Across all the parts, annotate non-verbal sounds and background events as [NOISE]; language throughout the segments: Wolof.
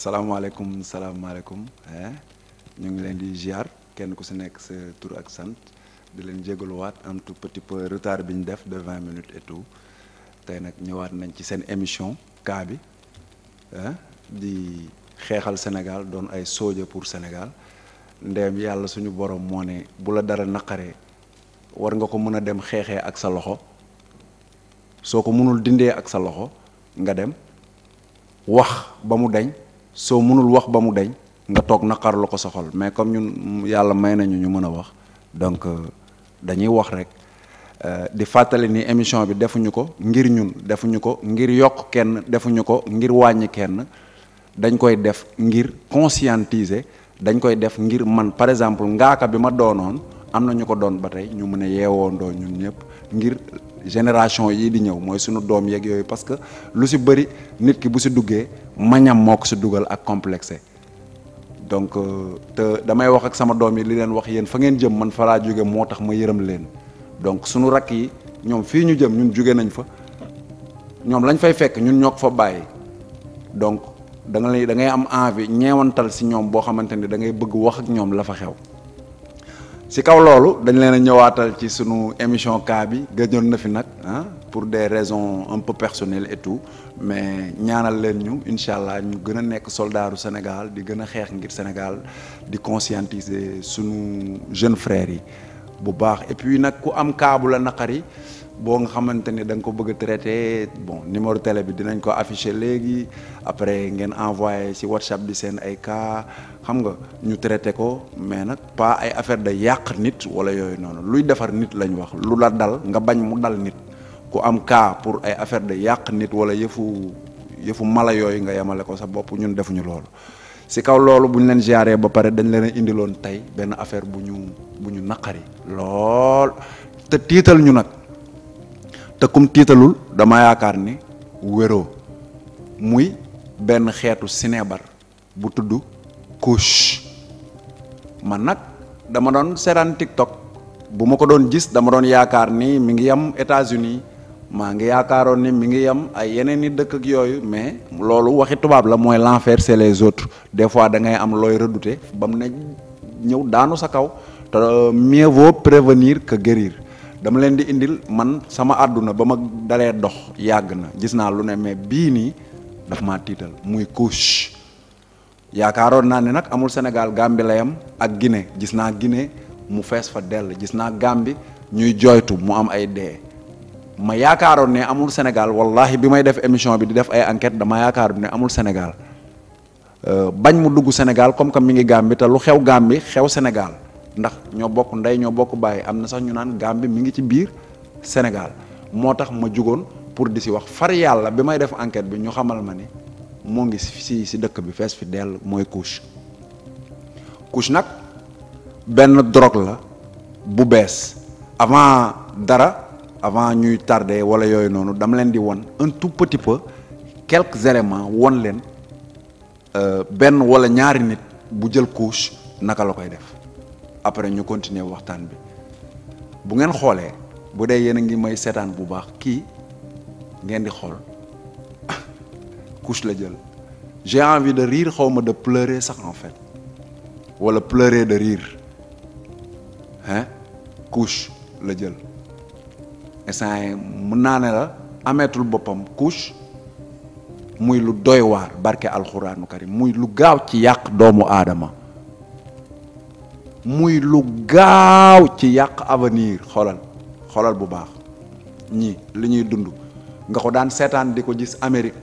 salaamaaleykum salaamaaleykum eh? ñu ngi leen di ziar kenn ku si nekk sa tur ak sant di leen jégaluwaat un tout petit peu retard bi ñu def de vingt minutes et tout tey nag ñëwaat nañ ci seen émission kaa bi eh? di xeexal Sénégal doon ay sooja pour Sénégal ndeem yàlla suñu borom moo ne bu la dara naqaree war nga ko mën a dem xeexee ak sa loxo soo ko mënul dindee ak sa loxo nga dem wax ba mu dañ. soo mënul wax ba mu deñ nga toog naqar la ko soxal mais comme ñun yàlla may nañu ñu mën a wax donc euh, dañuy wax rek euh, di fàttali ni émission bi defuñu ko ngir ñun defuñu ko ngir yokk kenn defuñu ko ngir wàññi kenn dañ koy def ngir conscientiser dañ koy def ngir man par exemple ngaaka bi ma doonoon am na ñu ko doon ba tey ñu mën a yeewoondoo ñun ñëpp ngir génération yii di ñëw mooy suñu doom yeeg yooyu parce que lu si bëri nit ki bu si duggee mañam moo ko si dugal ak complexe donc euh, te damay wax ak sama doom yi li leen wax yéen fa ngeen jëm man fa laa jóge moo tax ma yërëm leen donc suñu rakk yi ñoom fii ñu jëm ñun jóge nañ fa ñoom lañ fay fekk ñun ñoo ko fa bàyyi donc da da ngay am envie ñeewantal si ñoom boo xamante ni da ngay bëgg wax ak ñoom la fa xew si kaw loolu dañu leen a ñëwaatal ci suñu émission cas bi gëjoon na fi nag ah pour des raisons un peu personnelles et tout mais ñaanal leen ñu incha allah ñu gën a nekk soldaaru Sénégal di gën a xeex ngir Sénégal di conscientiser suñu jeunes frères yi bu baax et puis nag ku am cas bu la naqari boo nga xamante ni danga ko bëgg a traité bon numéro télé bi dinañ ko affiché léegi après ngeen envoyé ci WhatsApp bi seen ay kaa xam nga ñu traité ko mais nag pas ay affaire da yàq nit wala yooyu noonu luy defar nit lañ wax lu la dal nga bañ mu dal nit ku am cas pour ay affaire de yàq nit wala yëfu yëfu mala yooyu nga yemale ko sa bopp ñun defuñu loolu si kaw loolu bu ñu leen ziaree ba pare dañ leen indiloon tey benn affaire bu ñu bu ñu naqari lool te tiital ñu nag. te kum tiitalul dama yaakaar ni wéroo muy benn xeetu sinébar bu tudd couche man nag dama doon seetaan TikTok bu ma ko doon gis dama doon yaakaar ni mi ngi yam États-Unis maa ngi yaakaaroon ni mi ngi yam ay yeneen i dëkk ak yooyu mais loolu waxi tubaab la mooy l'enfer c'est les autres des fois da ngay am looy redouter ba mu ne ñëw daanu sa kaw te mieux vaut prévenir que guérir dama leen di indil man sama àdduna ba ma dalee dox yàgg na gis naa lu ne mais bii nii daf ma tiital muy couche yaakaaroon naa ne nag amul Sénégal Gambie la yam ak Guinée gis naa gine mu fees fa dell gis naa Gambie ñuy jooytu mu am ay dee ma yaakaaroon ne amul Sénégal wallahi bi may def émission bi di def ay enquête dama yaakaaroon ne amul Sénégal euh, bañ mu dugg Sénégal comme que mi ngi Gambie te lu xew Gambie xew Sénégal ndax ñoo bokk ndey ñoo bokk bàyyi am na sax ñu naan Gambie mu ngi ci biir Sénégal moo tax ma jugoon pour di si wax far yàlla bi may def enquête bi ñu xamal ma ni mu ngi si si dëkk bi fees fi dell mooy couche couche nag benn drogue la bu bees avant dara avant ñuy tardé wala yooyu noonu dama leen di won un tout petit peu quelques éléments won leen euh, benn wala ñaari nit bu jël couche naka la koy def après ñu continuer waxtaan bi bu ngeen xoolee bu dee yéen a ngi may seetaan bu baax kii ngeen di xool [LAUGHS] couche la jël j'ai envie de rire xaw ma de pleurer sax en fait wala pleurer de riir hein couche la jël instant yi mën naa ne la ameetul boppam couche muy lu doy waar barke alxuraanu karim muy lu gaaw ci yàq doomu aadama muy lu gaaw ci yàq avenir xoolal xoolal bu baax ñi li ñuy dund nga ko daan seetaan di ko gis Amérique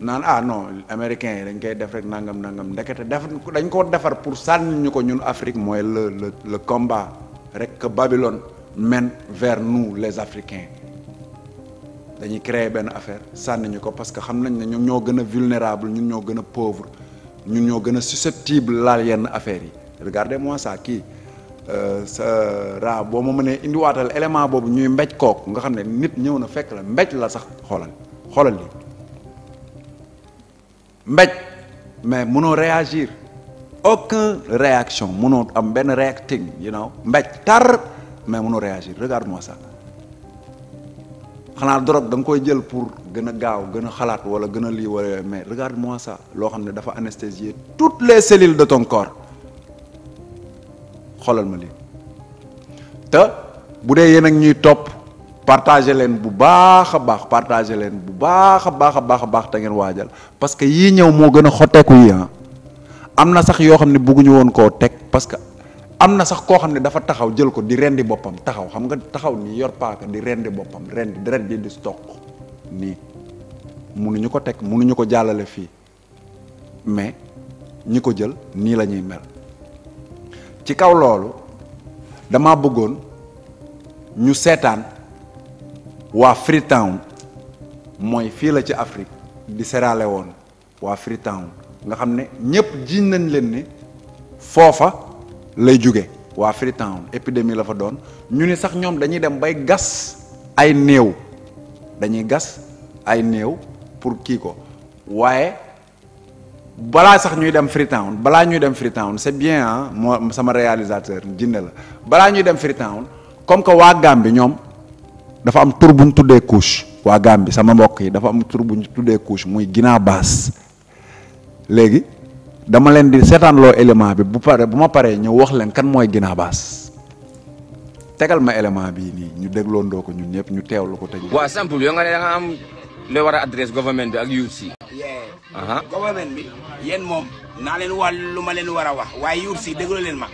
naan ah non américains yi dañ koy def rek nangam nangam ndekete def dañ ko defar pour sànniñu ko ñun Afrique mooy le le combat rek que Babylone mène vers nous les Africains dañuy créer benn affaire sànni ñu ko parce que xam nañ ne ñoom ñoo gën a vulnérable ñun ñoo gën a pauvre ñun ñoo gën a susceptible laal yenn affaire yi regardez-moi ça kii sa ra boo ma mënee indiwaatal élément boobu ñuy mbej kook nga xam ne nit ñëw na fekk la mbej la sax xoolal xoolal lii mbéj mais mënoo réagir aucun réaction mënoo am benn reacting you know mbéj tar mais mënoo réagir regarde-moi xanaa drogue da koy jël pour gën a gaaw gën a xalaat wala gën a lii wala mais regarde-moi ça loo xam ne dafa anesthésier tout les cellules de tonkor corps xoolal ma lii te bu dee yéen ak ñuy topp partager leen bu baax a baax partager leen bu baax a baax a baax a baax te ngeen waajal parce que yii ñëw moo gën a xotteeku yi ah am na sax yoo xam ne bëgguñu woon koo teg parce que am na sax koo xam ne dafa taxaw jël ko di rendi boppam taxaw xam nga taxaw nii yor paaka di rendi boppam rendi di rendi di stock nii munuñu ko teg munuñu ko jàllale fii mais ñi ko jël nii lañuy ñuy mel ci kaw loolu dama bëggoon ñu seetaan waa Freetown mooy fii la ci Afrique di Sierra woon waa Freetown nga xam ne ñépp jiiñ nañ leen ni foofa lay jóge waa Freetown épidémie la fa doon ñu ni sax ñoom dañuy dem bay gas ay néew dañuy gas ay néew pour kii ko waaye balaa sax ñuy dem Freetown balaa ñuy dem Freetown c'est bien ah moo sama réalisateur jinne la balaa ñuy dem Freetown comme que waa bi ñoom dafa am tur bu tuddee couche waa bi sama mbokk yi dafa am tur bu ñu tuddee couche muy ginaa baas léegi dama leen di seetaanloo élément bi bu pare bu ma paree ñëw wax leen kan mooy Guina Basse tegal ma élément bii nii ñu dégloondoo ko ñëpp ñu teewlu ko te ñu. waaw simple yoo nga ne da nga am loo war a adresse bi ak UFC. gouvernement bi yéen moom naa leen wax lu ma leen war a wax waaye UFC déglu leen ma.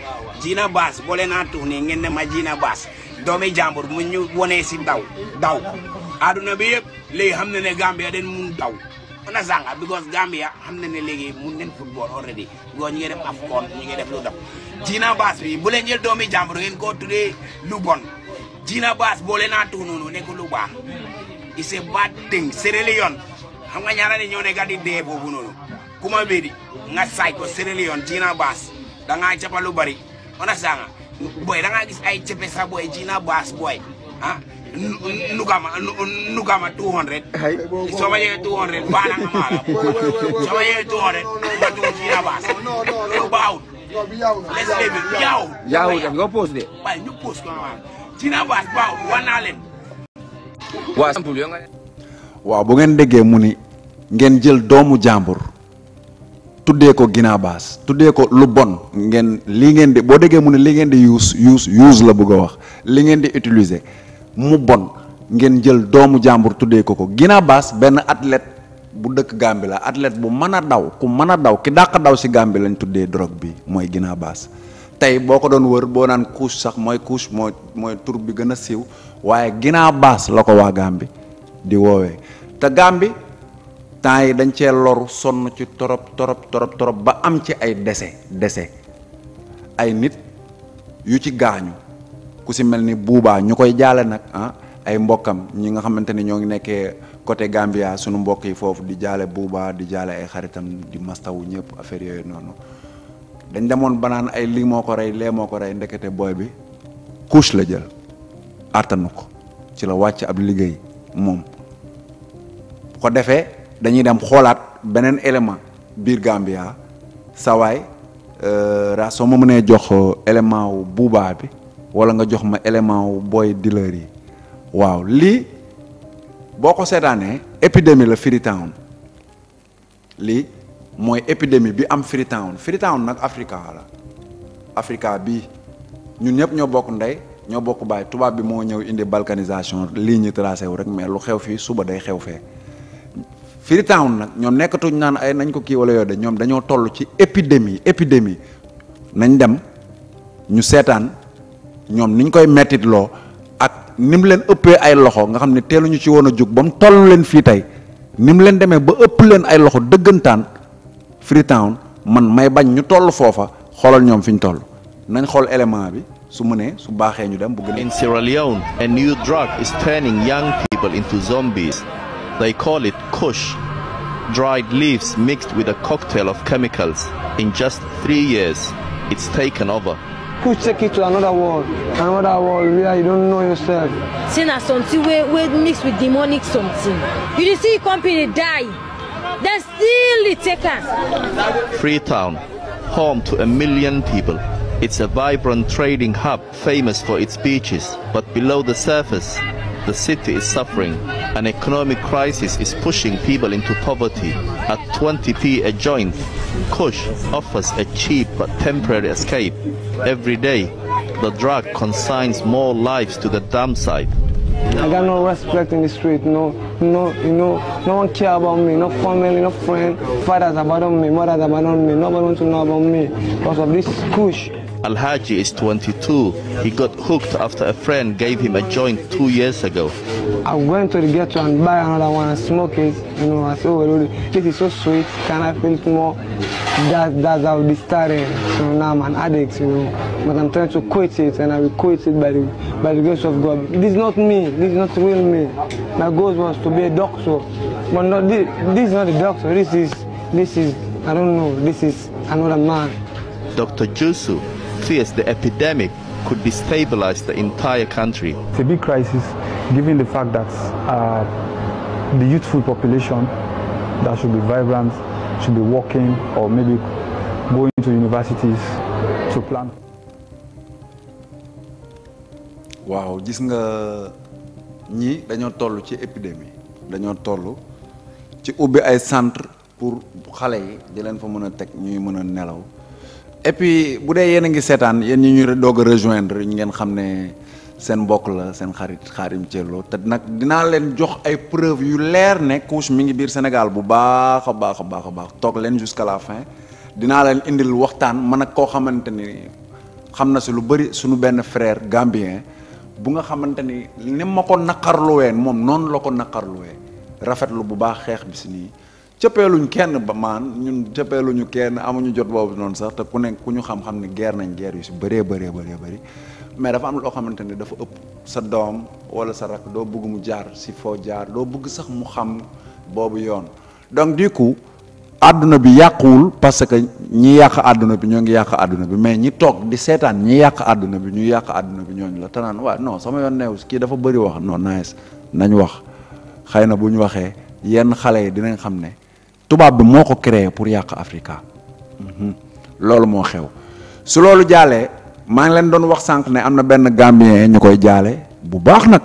Guina Basse boo leen a tuux nii ne ma Guina Basse doomi jàmbur mu ñu wonee si daw daw bi yëpp léegi xam na ne Gambia den mun daw. Onasanga because Gambia xam na ne léegi mun nañ football already because ñu ngi def AFCON ñu ngi def lu def Gina Bass bi bu leen jël doomi jàmbur ngeen koo tuddee lu bon Gina Bass boole naa tuuti noonu nekk lu baax it's a bad thing yoon Leone xam nga ñaara ne ñoo ne gàddi dee boobu noonu kuma wéedi nga saaj ko Sierra yoon Gina Bass da ngaa cappa lu bari Onasanga booy da gis ay cappe sa booy Gina Bass booy ah. nukama nukama waaw bu ngeen déggee mu ni ngeen jël doomu jàmbur tuddee ko ginaabaas tuddee ko lu bon ngeen lii ngeen di boo déggee mu ne li ngeen di use use use la bëgg wax li ngeen di utiliser mu bon ngeen jël doomu jàmbur tuddee ko ko ginaa baas benn atlet bu dëkk Gambie la atlet bu mën a daw ku mën a daw ki dàq daw si Gambie lañ tuddee drogue bi mooy Gina baas tey boo ko doon wër boo naan couche sax mooy couche mooy mooy tur bi gën a siiw waaye ginaa baas la ko waa Gambie di woowee te Gambie temps yi dañ cee loru sonn ci torop torop torop torop ba am ci ay dese dese ay nit yu ci gaañu ku si mel ni buubaa ñu koy jaale nag ah ay mbokkam ñi nga xamante ni ñoo ngi nekkee côté Gambia sunu mbokk yi foofu di jaale buubaa di jaale ay xaritam di mastawu ñëpp affaire yooyu noonu dañ demoon banaan ay lii ko rey lee moo ko rey ndekete booy bi couche la jël àttanu ko ci la wàcc ab liggéey moom bu defee dañuy dem xoolaat beneen élément biir Gambia sawaay euh, raa soo ma mënee jox euh, élément wu buubaa bi wala nga jox ma élément wu booy dealer yi waaw lii boo ko seetaanee épidémie la Freetown lii mooy épidémie bi am Freetown Freetown nag Africa la Africa bii ñun ñëpp ñoo bokk ndey ñoo bokk baay tubaab bi moo ñëw indi balkanisation lii ñu tracé wu rek mais lu xew fii suba day xew fee Freetown nag ñoom nekkatuñ naan ay nañ ko kii wala yooyu de ñoom dañoo tollu ci épidémie épidémie nañ dem ñu seetaan ñoom ni ñu koy mettitloo ak ni leen ëppee ay loxo nga xam ne ñu ci woon a jóg ba mu toll leen fii tey ni mu leen demee ba ëpp leen ay loxo dëggantaan Freetown man may bañ ñu toll foofa xoolal ñoom fi ñu toll nañ xool élément bi su mënee su baaxee ñu dem bu gën. In Sierra Leone, a new drug is turning young people into zombies. They call it kush. Dried leaves mixed with a cocktail of chemicals. In just three years, it's taken over. push take it to another world another world where you don know yourself. say na something wey wey mix with demonic something you dey see the company die dem still dey take am. freetown home to a million people. It's a vibrant trading hub famous for its beaches, but below the surface, The city is suffering. An economic crisis is pushing people into poverty. At 20p a joint, Kush offers a cheap but temporary escape. Every day, the drug consigns more lives to the dump site. I got no respect in the street, no, one care about me, no family, no friend. Fathers abandon me, mothers abandon me, nobody wants to know about me because of this push. Al is He got hooked after a friend gave him a joint two years ago. I went to the ghetto and buy another one and smoke it. You oh, so sweet. Can I feel it more? That, that's how it started. now an addict, you know. But I'm trying to quit it, and I will quit it by the, by of God. This not me. This not real me. My goal was to be a doctor. But not this, doctor. This I don't know, this is another man. fears the epidemic could destabilize the entire country. It's a big crisis given the fact that uh, the youthful population that should be vibrant, should be working or maybe going to universities to plan. waaw gis nga ñii dañoo toll ci épidémie dañoo toll ci ubbi ay centre pour xale yi di leen fa mën a teg ñuy mën a nelaw et puis bu dee yéen a ngi seetaan yéen ñi ñu doog a rejoindre ñu ngeen xam ne seen mbokk la seen xarit Khadim Diallo te nag dinaa leen jox ay preuve yu leer ne Kouch mi ngi biir Sénégal bu baax a baax a baax a baax toog leen jusqu'à la fin dinaa leen indil waxtaan man ak koo xamante ni xam na si lu bëri suñu benn frère gambien bu nga xamante ni ni ma ko naqarluwee moom noonu la ko naqarluwee rafetlu bu baax xeex bi si nii cëppeeluñ kenn ba maan ñun cëppeeluñu kenn amuñu jot boobu noonu sax te ku ku ñu xam-xam ne nañ guerre yu si bëree bëree bëree bëri mais dafa loo xamante ne dafa ëpp sa doom wala sa rak doo bëgg mu jaar si foo jaar doo bëgg sax mu xam boobu yoon donc du coup àdduna bi yàquwul parce que ñi yàq àdduna bi ñoo ngi yàq àdduna bi mais ñi toog di seetaan ñi yàq àdduna bi ñu yàq àdduna bi ñooñu la te waa no sama yoon neew kii dafa bëri wax non nice nañ wax xëy na bu ñu waxee yenn xale yi dinañ xam ne tubaab bi moo ko créé pour yàq Africa mhm. loolu moo xew su loolu jaalee maa ngi leen doon wax sànq ne am na benn Gambien ñu koy jaale bu baax nag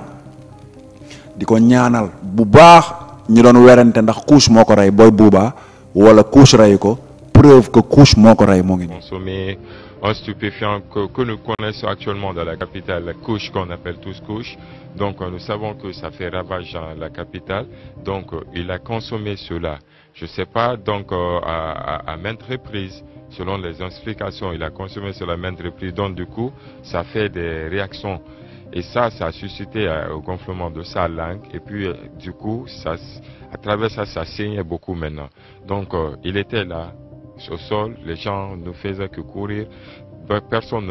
di ko ñaanal bu baax ñu doon werante ndax couche moo ko rey booy buubaa wala couche rey ko preuve que couche moo ko rey moo ngi nii. un stupéfiant que, que, nous connaissons actuellement dans la capitale, la couche qu'on appelle tous couche. Donc euh, nous savons que ça fait ravage dans la capitale. Donc euh, il Je ne sais pas, donc, euh, à, à, à, maintes reprises, selon les explications, il a consommé cela à maintes reprises, donc du coup, ça fait des réactions. Et ça, ça a suscité euh, au gonflement de sa langue. Et puis, euh, du coup, ça, à travers ça, ça saignait beaucoup maintenant. Donc, euh, il était là, au sol, les gens ne faisaient que courir. Personne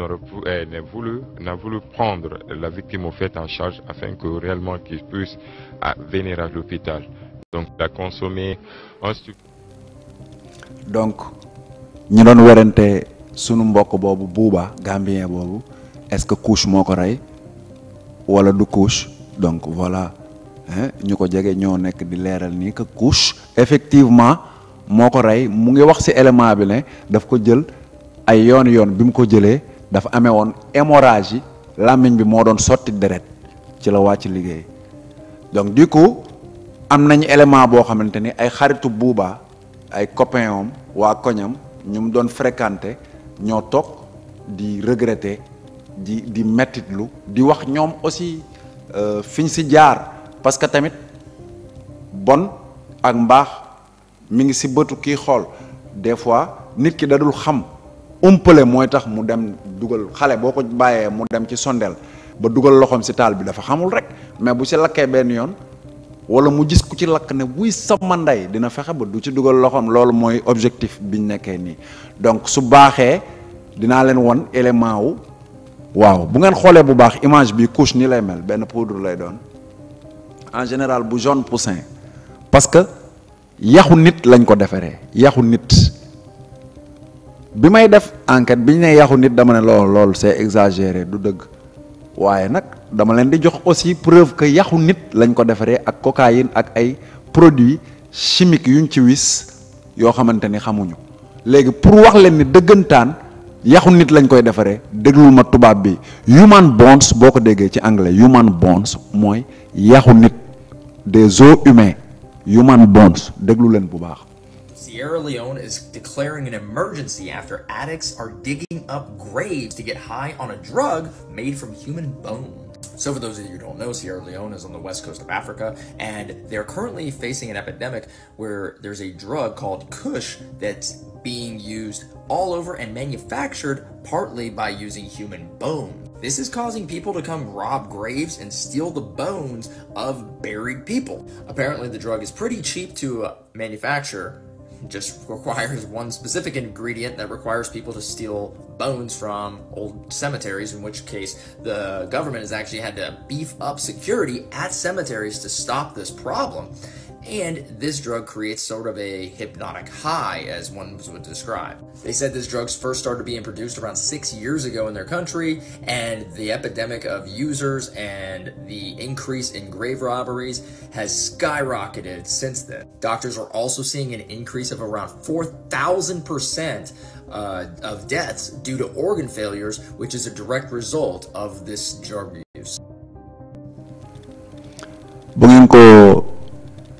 eh, n'a voulu, prendre la victime au fait en charge afin que réellement qu'il puisse ah, venir à l'hôpital. Donc, il a donc ñu doon werante sunu mbokk boobu buuba gambien boobu est-ce que couche moo ko rey wala du couche donc voilà ñu ko jege ñoo nekk di leeral nii que couche effectivement moo ko rey mu ngi wax ci élément bi ne daf ko jël ay yoon yoon bi mu ko jëlee dafa amee woon hémorragie yi làmmiñ bi moo doon sotti deret ci la wàcc liggéey donc du coup am nañu élément boo xamante ni ay xaritu buuba ay copain am waa koñam ñu mu doon fréquenté ñoo toog di regretter di di mettitlu di wax ñoom aussi euh, fiñ si jaar parce que tamit bon ak mbaax mu ngi si bëtu kii xool des fois nit ki dadul xam umpale mooy tax mu dem dugal xale boo ko bàyyee mu dem ci sondeel ba dugal loxoom si taal bi dafa xamul rek mais bu si lakkee benn yoon wala mu gis ko ci lakk ne buy sama ndey dina fexe ba du ci dugal loxoom loolu mooy objectif biñ nekkee nii donc su baaxee dinaa leen won élément wu waaw bu ngeen xoolee bu baax image bi couche ni lay mel benn poudre lay doon en général bu jaune poussin parce que yaxu nit lañ ko defaree yaxu nit bi may def enquête bi ñu ne yaxu nit dama ne loolu loolu c'est exagéré du dëgg waaye nag dama leen di jox aussi preuve que yaxu nit lañ ko defaree ak cocaïne ak ay produits chimiques yuñ ci wis yoo xamante ni xamuñu léegi pour wax leen ni dëggantaan yaxu nit lañ koy defaree déglu ma tubaab bi human bones boo ko déggee ci anglais human bones mooy yaxu nit des os humains human bones déglu leen bu baax Sierra Leone is declaring an emergency after addicts are digging up graves to get high on a drug made from human bones. So for those you don't know, Sierra Leone is on the west coast of Africa, and they're currently facing an epidemic where there's a drug called Kush that's being used all over and manufactured partly by using human bones. This is causing people to come rob graves and steal the bones of buried people. Apparently, the drug is pretty just requires [LAUGHS] one specific ingredient that requires people to steal bones from old cemeteries, in which case the government has actually had to beef up security at cemeteries to stop this problem. and this drug creates sort of a hypnotic high, as one would describe. They said this drug first started being produced around six years ago in their country, and the epidemic of users and the increase in grave robberies has skyrocketed since then. Doctors are also seeing an increase of around uh, of deaths due to organ failures, which is a direct result of this drug use.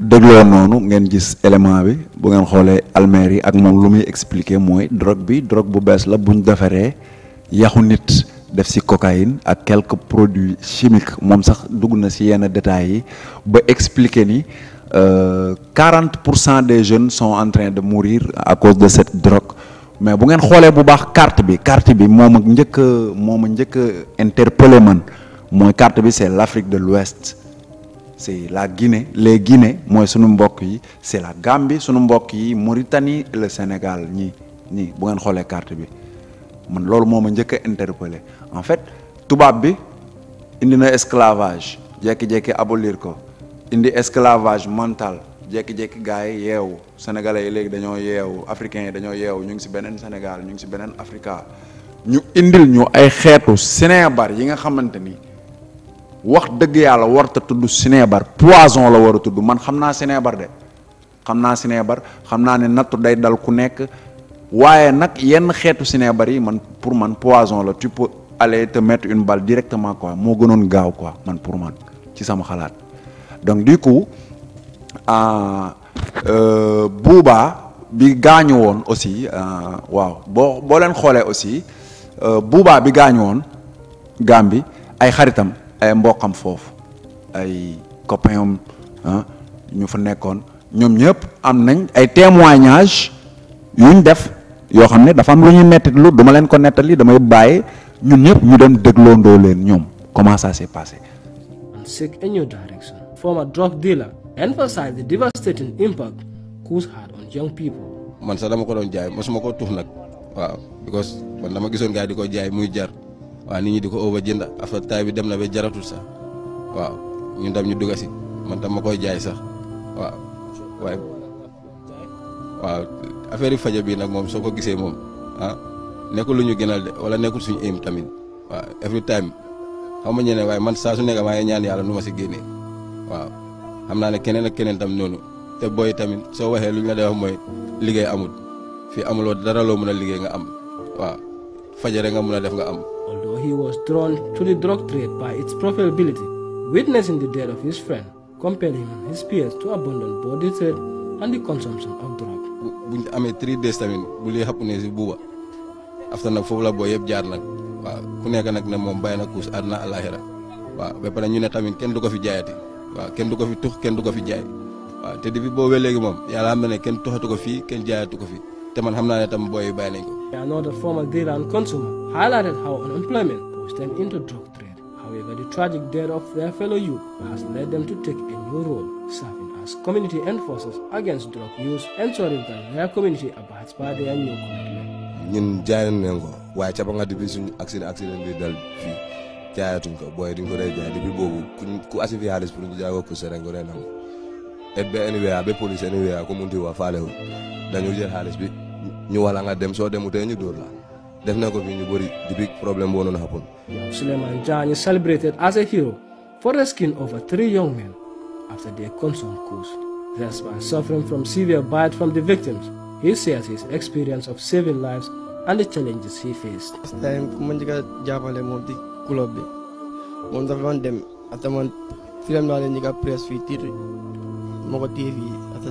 dégloo noonu ngeen gis élément bi bu ngeen xoolee almeer yi ak moom lu muy expliquer mooy drogue bi drogue bu bees la buñ defaree yaxu nit def ci cocaïne ak quelque produit chimique moom sax dugg na ci yenn détails yi ba expliquer ni euh, quarante pour cent des jeunes sont en train de mourir à cause de cette drogue mais bu ngeen xoolee bu baax carte bi carte bi moom ak njëkk moom a njëkk interpellé man mooy carte bi c'est l'Afrique de l'Ouest c'est la Guinée les Guinée mooy suñu mbokk yi c'est la Gambie suñu mbokk yi Mauritanie le Sénégal ñi ñii bu ngeen xoolee carte bi man loolu moom ma njëkk a interpellé en fait tubaab bi indi na esclavage jekki-jekki abolir ko indi esclavage mental jekki-jekki gars yi yeewu sénégalais yi léegi dañoo yeewu africain yi dañoo yeewu ñu ngi si beneen Sénégal ñu ngi ci beneen Africa ñu indil ñu ay xeetu Sénébar yi nga xamante ni wax dëgg yàlla warta tudd sineebar poison la war a tudd man xam naa sineebar de xam naa sineebar xam naa ne nattu day dal ku nekk waaye nag yenn xeetu sineebar yi man pour man poison la tu peux aller te mettre une balle directement quoi moo gënoon gaaw quoi man pour man ci sama xalaat donc du kou ah, euh, buubaa bi gaañu woon aussi ah, waaw boo boo leen xoolee aussi euh, buubaa bi gaañu woon gaam bi ay xaritam ay mboqam foofu ay copains ah, ñu fa nekkoon ñoom ñëpp am nañ ay témoignages yuñ def yoo xam ne dafa am lu ñuy nettali lu duma leen ko nettali damay bàyyi ñun ñëpp ñu dem dégloondoo leen ñoom comment ça s'est passé. and seek a new direction. former impact cocaine had on young people. man sax dama ko doon jaay mosuma ko tux nag waaw because man dama gisoon gars di ko jaay muy jar. waa nit ñi di ko over jënd affaire taay bi dem na ba jaratul sax waaw ñun tam ñu dugg si man tam ma ko jaay sax waaw waaye waaw affaire yu fajo bii nag moom soo ko gisee moom ah nekkul lu ñu gënal de wala nekkul suñu aim tamit waaw every time xam nga ñeneen waaye man saa su nekk maa ngi ñaan yàlla nu ma si génnee waaw xam naa ne keneen ak keneen tamit noonu te booy tamit soo waxee lu ñu la dee mooy liggéey amul fii amuloo dara loo mën a liggéey nga am waaw fajare nga mën a def nga am. Chicago, he was drawn to the drug trade by its profitability. Witnessing the death of his friend compelled him his peers to abandon both the trade and the consumption of drugs. bu ñu amee three days tamit bu lee xapp ne si buuba after nag foofu la boo yëpp jaar nag waa ku nekk nag ne moom bay na kuus àdduna àllaaxira waaw ba pare ñu ne tamit kenn du ko fi jaayati waa kenn du ko fi tux kenn du ko fi jaay waaw te depuis boobu léegi moom yàlla xam na ne kenn tuxatu ko fii kenn jaayatu ko fii. te man xam naa ne tam booy yu bàyyi nañ ko. Another former dealer and consumer highlighted how unemployment pushed them into drug trade. However, the tragic death of their fellow youth has led them to take a new role, serving as community enforcers against drug use, ensuring that their community abides by their new commitment. ñun jaay nañ leen ko waaye ca ba nga depuis suñu accident accident bi dal fii jaayatuñ ku asifi xaalis pour ñu jaay ko poussé ñu wala nga dem soo demutee ñu dóor la def na ko fi ñu bëri the big problem won't happen. Suleiman Jani celebrated as a hero for rescuing over three young men after their consumed coups. Despite suffering from severe bite from the victims, he shares his experience of saving lives and the challenges he faced. Last time ku ma njëkk a jàppale di club bi moom dafa dem ata man fi dem naa leen njëkk a press fii tiit ma ko téye fii ata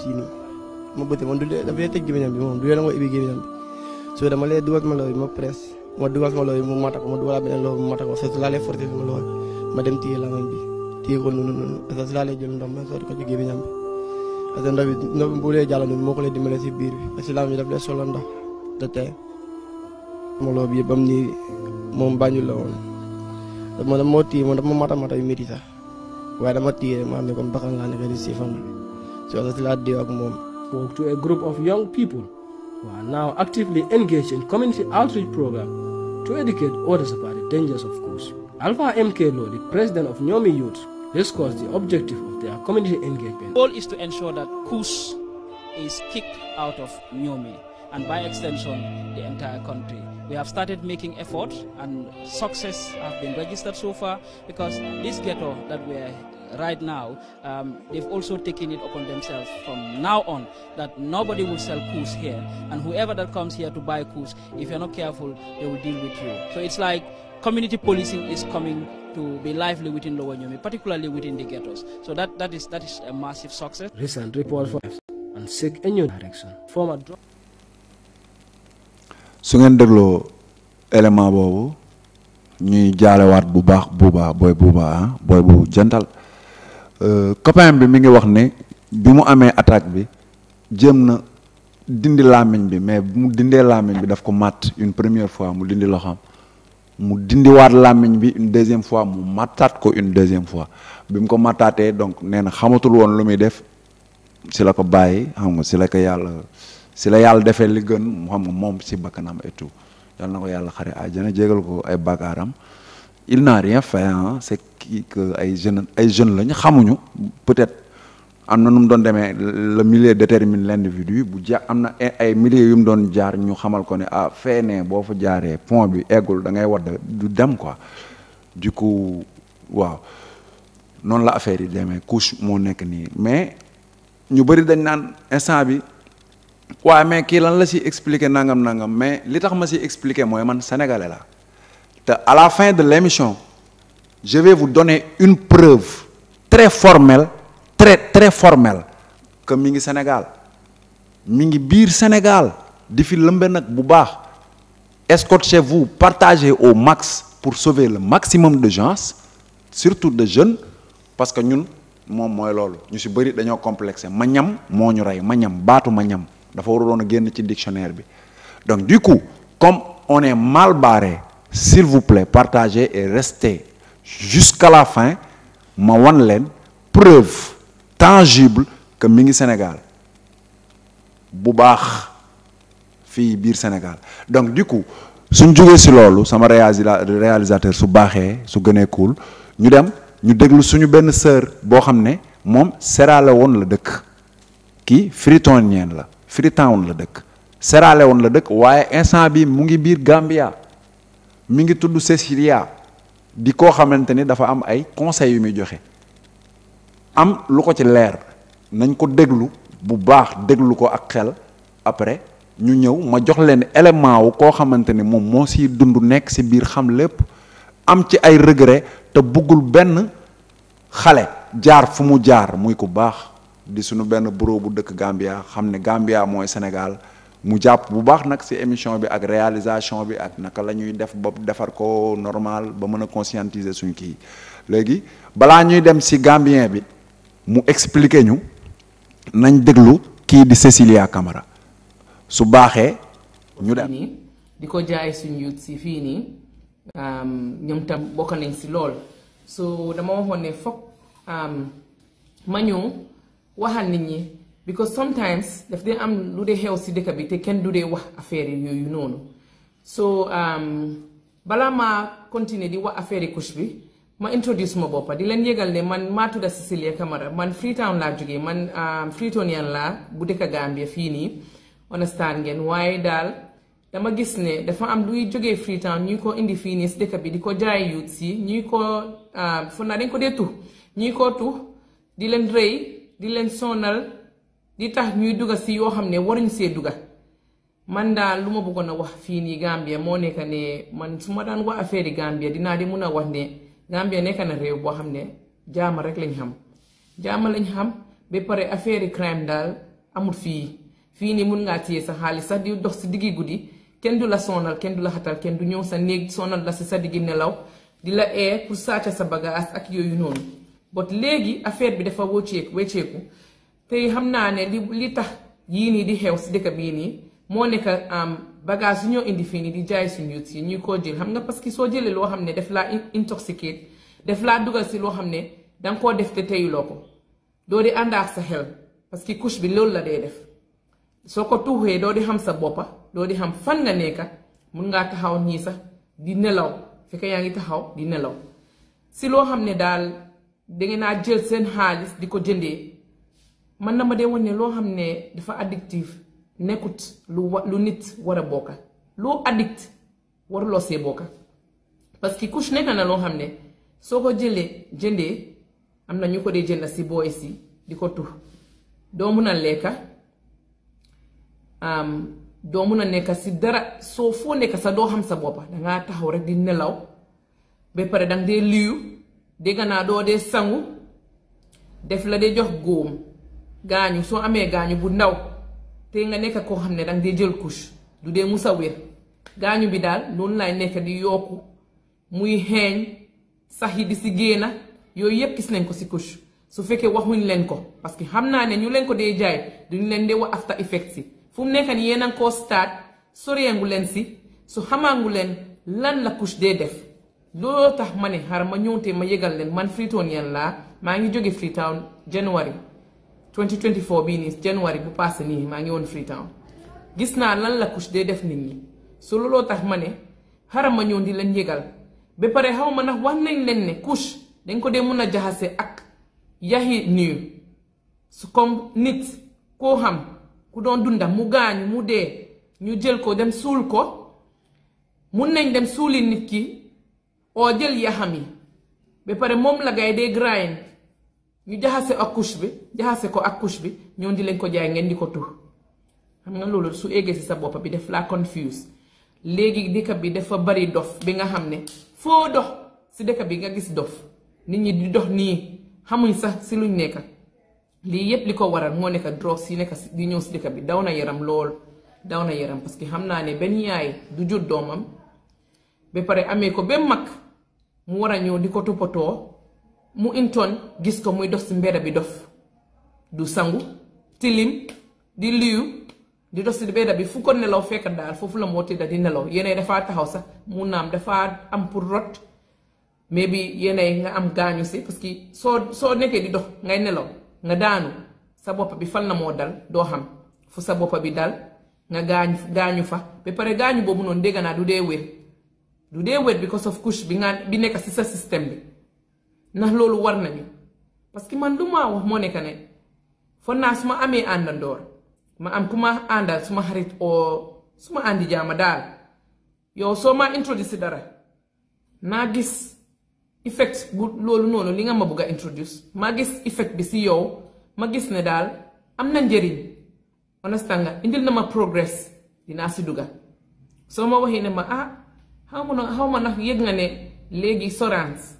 si laa ma bëtt man du dee daf lay tëj gémmiñam bi moom du yore nga ibi gémmiñam bi so dama ma presse ma dugal sama bi mu mata ma dugal beneen loxo bi ma dem téye lamañ bi téye ko noonu noonu surtout laa lay jël ndox ma sotti bi parce moo bi parce que lamañ bi daf lay bam nii moom bañul la woon man moo téye man dama mata mata yu métti sax waaye dama téye ma xam ne kon bakkan laa nekk di si fan so surtout laa diw ak moom spoke to a group of young people who are now actively engaged in community outreach program to educate others about the dangers of course. Alpha MK Lo, the president of Nyomi Youth, discussed the objective of their community engagement. The is to ensure that Kus is kicked out of Nyomi and by extension the entire country. We have started making effort and success have been registered so far because this ghetto that we are right now, um, they've also taken it upon themselves from now on that nobody will sell coups here. And whoever that comes to buy coups, if you're not careful, they will deal with you. So it's like community policing is coming to be lively within Lower Nyomi, particularly within the ghettos. So that, is, a massive success. Recent report for and seek a new direction. Former drop. su ngeen dégloo élément boobu ñuy jaalewaat bu baax buuba booy buuba ah booy bu jantal Euh, copain bi mi ngi wax ne bi mu amee attaque bi jéem na dindi làmmiñ bi mais bu mu dindee làmmiñ bi daf ko màtt une première fois mu dindi loxoom mu dindiwaat làmmiñ bi une deuxième fois mu màttaat ko une deuxième fois bi mu ko màttaatee donc nee na xamatul woon lu muy def si la ko bàyyi xam nga si la ko yàlla si la yàlla defee li gën mu xam nga moom si bakkanam et tout yal na ko yàlla xare àjjana jégal ko ay baakaaram il n'a rien fait ah c'est que ay jeunes ay jeunes lañ xamuñu peut-être am na num doon demee le milieu détermine l'individu bu ja am na ay milieu yu mu doon jaar ñu xamal ko ne ah feenee boo fa jaaree pont bi eggul da ngay wadd du dem quoi du coup waaw noonu la affaire yi demee couche moo nekk nii mais ñu bëri dañ naan instant bi waaye mais kii lan la si expliquer nangam nangam mais li tax ma si expliquer mooy man sénégalais la te à la fin de l'émission je vais vous donner une preuve très formelle très très formel que mi ngi Sénégal mi ngi biir Sénégal difi fi lëmbe nag bu baax escorte chez vous partagez au max pour sauver le maximum de gens surtout de jeunes parce que ñun moom mooy loolu ñu si bari dañoo complexé ma ñam moo ñu rey ma ñam baatu ma ñam dafa waroon a génn ci dictionnaire bi donc du coup comme on est mal barré s'il vous plaît et restez jusqu'à la fin ma wan leen preuve tangible que mi ngi Sénégal bu baax fii biir Sénégal donc du coup suñ jógee si loolu sama réalisateur su baaxee su gënee cool ñu dem ñu déglu suñu benn sœur boo xam ne moom Sierra woon la dëkk kii Freetonienne la Freetown la dëkk Sierra Leone la dëkk waaye instant mu ngi biir Gambia mi ngi tudd Cecilia di koo xamante ni dafa am ay conseils yu muy joxe am lu ko ci leer nañ ko déglu bu baax déglu ko ak xel après ñu ñëw ma jox leen élément wu koo xamante ni moom moo siy dund nekk si biir xam lépp am ci ay regret te buggul benn xale jaar fu mu jaar muy ko baax di suñu benn bureau bu dëkk Gambia xam ne Gambia mooy Sénégal mu jàpp bu baax nag ci émission bi ak réalisation bi ak naka la ñuy def ba defar ko normal ba mën a conscientiser suñ kii léegi balaa ñuy dem ci Gambien bi mu expliquer ñu nañ déglu kii di Cécilia Camara su baaxee ñu dem di ko jaay suñ youth si fii nii ñoom tam bokk nañ si lool so dama waxoon ne foog ma waxal nit ñi because sometimes daf dee am lu dee xew si dëkk bi te kenn du dee wax affaire yi yooyu noonu so um, balaa maa continuer di wax affaire yi couche bi ma introduce ma boppa di leen yëgal ne man maa tudda Cecilia Camara man Freetown laa jóge man um, Freetonian laa bu dëkk Gambia fii nii understand ngeen waaye daal dama gis ne dafa am luy jógee Freetown ñuy ko indi fii nii si dëkk bi di ko jaay youths yi ñuy ko uh, foog naa dañ ko dee tux ñuy ko tux di leen rëy di leen sonal di tax ñuy duga si yoo xam ne waruñu see duga man daal lu ma bëggoon a wax fii nii Gambia moo nekk ne man su ma daan wax affaire yi Gambia dinaa di mun a wax ne Gambia nekk na réew boo xam ne jaama rek lañ xam jàmm lañ xam ba pare affaire yi crime daal amul fii fii nii mun ngaa téye sa xaalis sax di dox si diggi guddi kenn du la sonal kenn du la xatal kenn du ñëw sa néeg sonal la si sa diggi nelaw di la ee pour saaca sa bagage ak yooyu noonu bot léegi affaire bi dafa wëcceeku wëcceeku tey xam naa ne li li tax yii nii di xew si dëkk bii nii moo nekk am bagage yu ñoo indi fii nii di jaay suñu youth yi ñuy koo jël xam nga parce que soo jëlee loo xam ne daf laa intoxicate daf laa dugal si loo xam ne danga koo def te teyuloo ko doo di ànd ak sa xel parce que couche bi loolu la dee def soo ko tuuxee doo di xam sa boppa doo di xam fan nga nekka mun ngaa taxaw ñii sax di nelaw fekk yaa ngi taxaw di nelaw si loo xam ne daal dangeen naa jël seen xaalis di ko jëndee man ma dee woon ne loo xam ne dafa addictif nekkut lu wa lu nit war a bokka loo addict waruloo see bokka parce que kush nekk na loo xam ne soo ko jëlee jëndee am na ñu ko dee jënd si booy si di ko tux doo mun a lekka doo mun a nekka si dara soo foo nekk sa doo xam sa boppa dangaa taxaw rek di nelaw ba pare danga dee liyu dégg naa doo dee sangu def la dee jox góom gaañu soo amee gaañu bu ndaw te nga nekk koo xam ne danga dee jël couche du dee musa wér gaañu bi daal noonu laay nekk di yokku muy xeeñ sax yi di si génna yooyu yëpp gis nañ ko si couche su fekkee waxuñ leen ko parce que xam naa ne ñu leen ko dee jaay duñ leen dee wax after effects yi fu mu nekk nii yéen a ngi koo start soreyangu leen si su xamaangu leen lan la couche dee def looloo tax ma ne xar ma ñëwtee ma yëgal leen man Freetown yan laa maa ngi jóge Freetown January 2024 bii nii January bu passé nii maa ngi woon Freetown gis naa lan la couche dee def nit ñi su looloo tax ma ne xaram ma ñëw di leen yëgal ba pare xaw ma nag wax nañ leen ne couche dañ ko dee mun a jaxase ak yaxi niiw su comme nit koo xam ku doon dunda mu gaañu mu dee ñu jël ko dem suul ko mun nañ dem suuli nit ki oo jël yaxam yi ba pare moom la gay dee grain ñu jaxase ak couche bi jaxase ko ak couche bi ñoon di lañ ko jaay ngeen di ko tux xam nga loolu su eggee si sa bopp bi def la confuse léegi dëkk bi dafa bari dof bi nga xam ne foo dox si dëkk bi nga gis dof nit ñi di dox nii xamuñ sax si luñ nekk lii yépp li ko waral moo nekk drogue yi nekk di ñëw si dëkk bi daw na yaram lool daw na yaram parce que xam naa ne benn yaay du jur doomam ba pare amee ko ba mag mu war a ñëw di ko toppatoo mu intoon gis ko muy dox ci mbedd bi dof du sangu tilim di liyu di dox ci mbedd bi fu ko nelaw fekk daal foofu la moo tëdda di nelaw yeneen dafaa taxaw sax mu naam dafaa am pour rot mais bi yeneen nga am gaañu si parce soo soo nekkee di dox ngay nelaw nga daanu sa bopp bi fal na moo dal doo xam fu sa bopp bi dal nga gaañu gaañu fa ba pare gaañu boobu noonu dégg naa du dee wér du dee wér because of couche bi nga bi nekk ci sa système bi ndax loolu war nañu parce que man lu maa wax moo nekk ne foog naa su ma amee àndandoor ma am ku ma àndal su ma xarit oo su ma àndi jaama daal yow soo ma introduce dara naa gis effect bu loolu noonu li nga ma bëgg a introduce maa gis effect bi si yow ma gis ne daal am na njëriñ understand nga indil na ma progress dinaa si dugga soo ma waxee ne ma ah xaw ma na xaw ma na yëg nga ne léegi sorance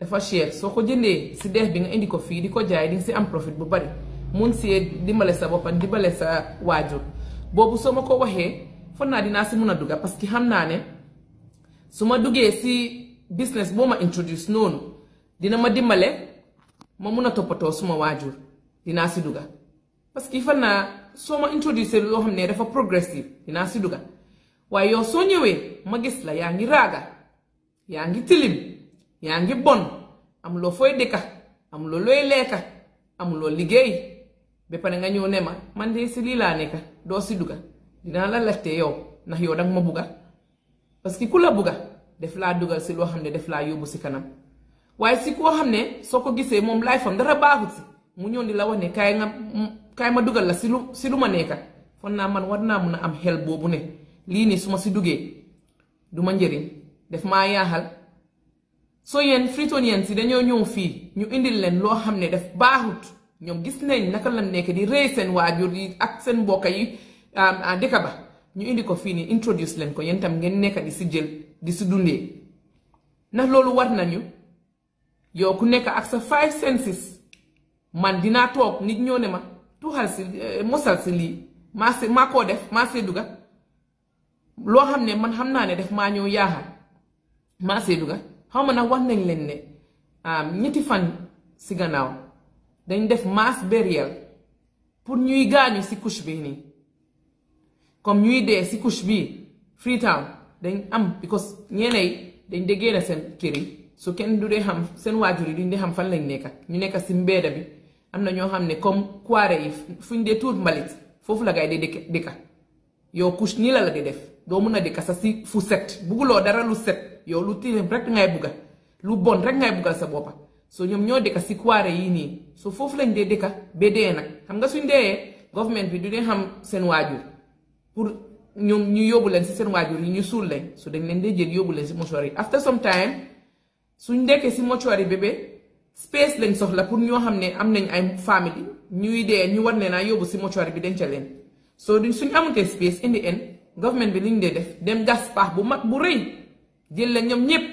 dafa cher soo ko jëndee si deex bi nga indi ko fii di ko jaay di si am profit bu bari mun see dimbale sa boppam dimbale sa waajur boobu soo ma ko waxee fan naa dinaa si mun a dugga parce que xam naa ne su ma duggee si business boo ma introduce noonu dina ma dimbale ma mun a toppatoo suma waajur dinaa si dugga parce que fal naa soo ma introduce loo xam ne dafa progressive dinaa si dugga waaye yow soo ñëwee ma gis la yaa ngi raaga yaa ngi tilim ñaa ngi bon am loo fooy dëkka am loo looy lekka amuloo liggéey ba pare nga ñëw ne ma man de si lii laa nekka doo si dugga dinaa la laajte yow ndax yow danga ma bugga parce que ku la bugga def laa dugal si loo xam ne def laa yóbbu si kanam waaye si koo xam ne soo ko gisee moom laay fam dara baaxut si mu ñëw di la wax ne kaay nga kaay ma dugal la si lu si lu ma nekka fon naa man war naa mun a am xel boobu ne lii nii su ma si duggee du ma njëriñ def maa yaaxal soo yéen fritoniens yi dañoo ñëw fii ñu indil leen loo xam ne daf baaxut ñoom gis nañ naka la nekk di rëy seen waajur yi ak seen mbokk yi dëkk ba ñu indi ko fii nii introduce leen ko yéen tam ngeen nekk di si jël di si dundee ndax loolu war nañu yow ku nekk ak sa five senses man dinaa toog nit ñoo ne ma tuuxal si eh, mosal si lii maa si maa koo def maa see duga loo xam ne man xam naa ne def maa ñëw yaaxal maa see duga xam ma nag wax nañ leen ne ñetti fan si gannaaw dañ def mass burial pour ñuy gaañu ci couche bi nii comme ñuy dee si bi bii Freetown dañ am because ñeene yi dañ dee génn seen kër yi su kenn du dee xam seen waajur yi duñ dee xam fan lañ nekk ñu nekk si mbeeda bi am na ñoo xam ne comme kuwaare yi fuñ dee tuur mbalit foofu la gaay dee dëkka yow couche nii la la di def doo mun a dëkka sa si fu set bugguloo dara lu set yow lu tilim rek ngay bugga lu bon rek ngay buggal sa boppa so ñoom ñoo dëkka si kuwaare yii nii so foofu lañ dee dëkka ba dee nag xam nga suñ deeyee government bi du dee xam seen waajur pour ñoom ñu yóbbu leen si seen waajur yi ñu suul leen so dañ leen dee jël yóbbu leen si mortuaire yi after some time suñ ndekkee si mortuaire yi bébé space lañ soxla pour ñoo xam ne am nañ ay famille ñuy dee ñu war leen a yóbbu si mortuaire bi denca leen so duñ suñ amutee space indi en government bi liñ dee def dem gas paax bu mag bu rëy jël leen ñoom ñëpp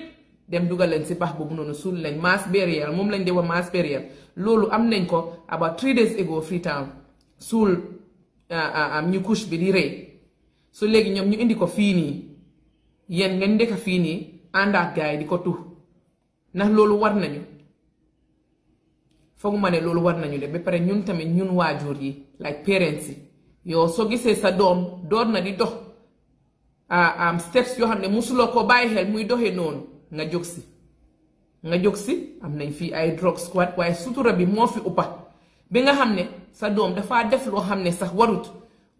dem dugal leen si pax boobu noonu suul leen mass burial moom lañ di wax mass burial loolu am nañ ko about three days ago Freetown suul am ah, ah, ah, ñu couche bi di rey so léegi ñoom ñu indi ko fii nii yéen ngeen ndekka fii nii ànd ak yi di ko tux ndax loolu war nañu foog ma ne loolu war nañu de ba pare ñun tamit ñun waajur yi parents yi yow soo gisee sa doom door na di dox am uh, um, steps yoo xam ne mosuloo ko bàyyi xel muy doxe noonu nga jóg si nga jóg si am nañ fii ay drug squad waaye sutura bi moo fi uppa bi nga xam ne sa doom dafa def loo xam ne sax warut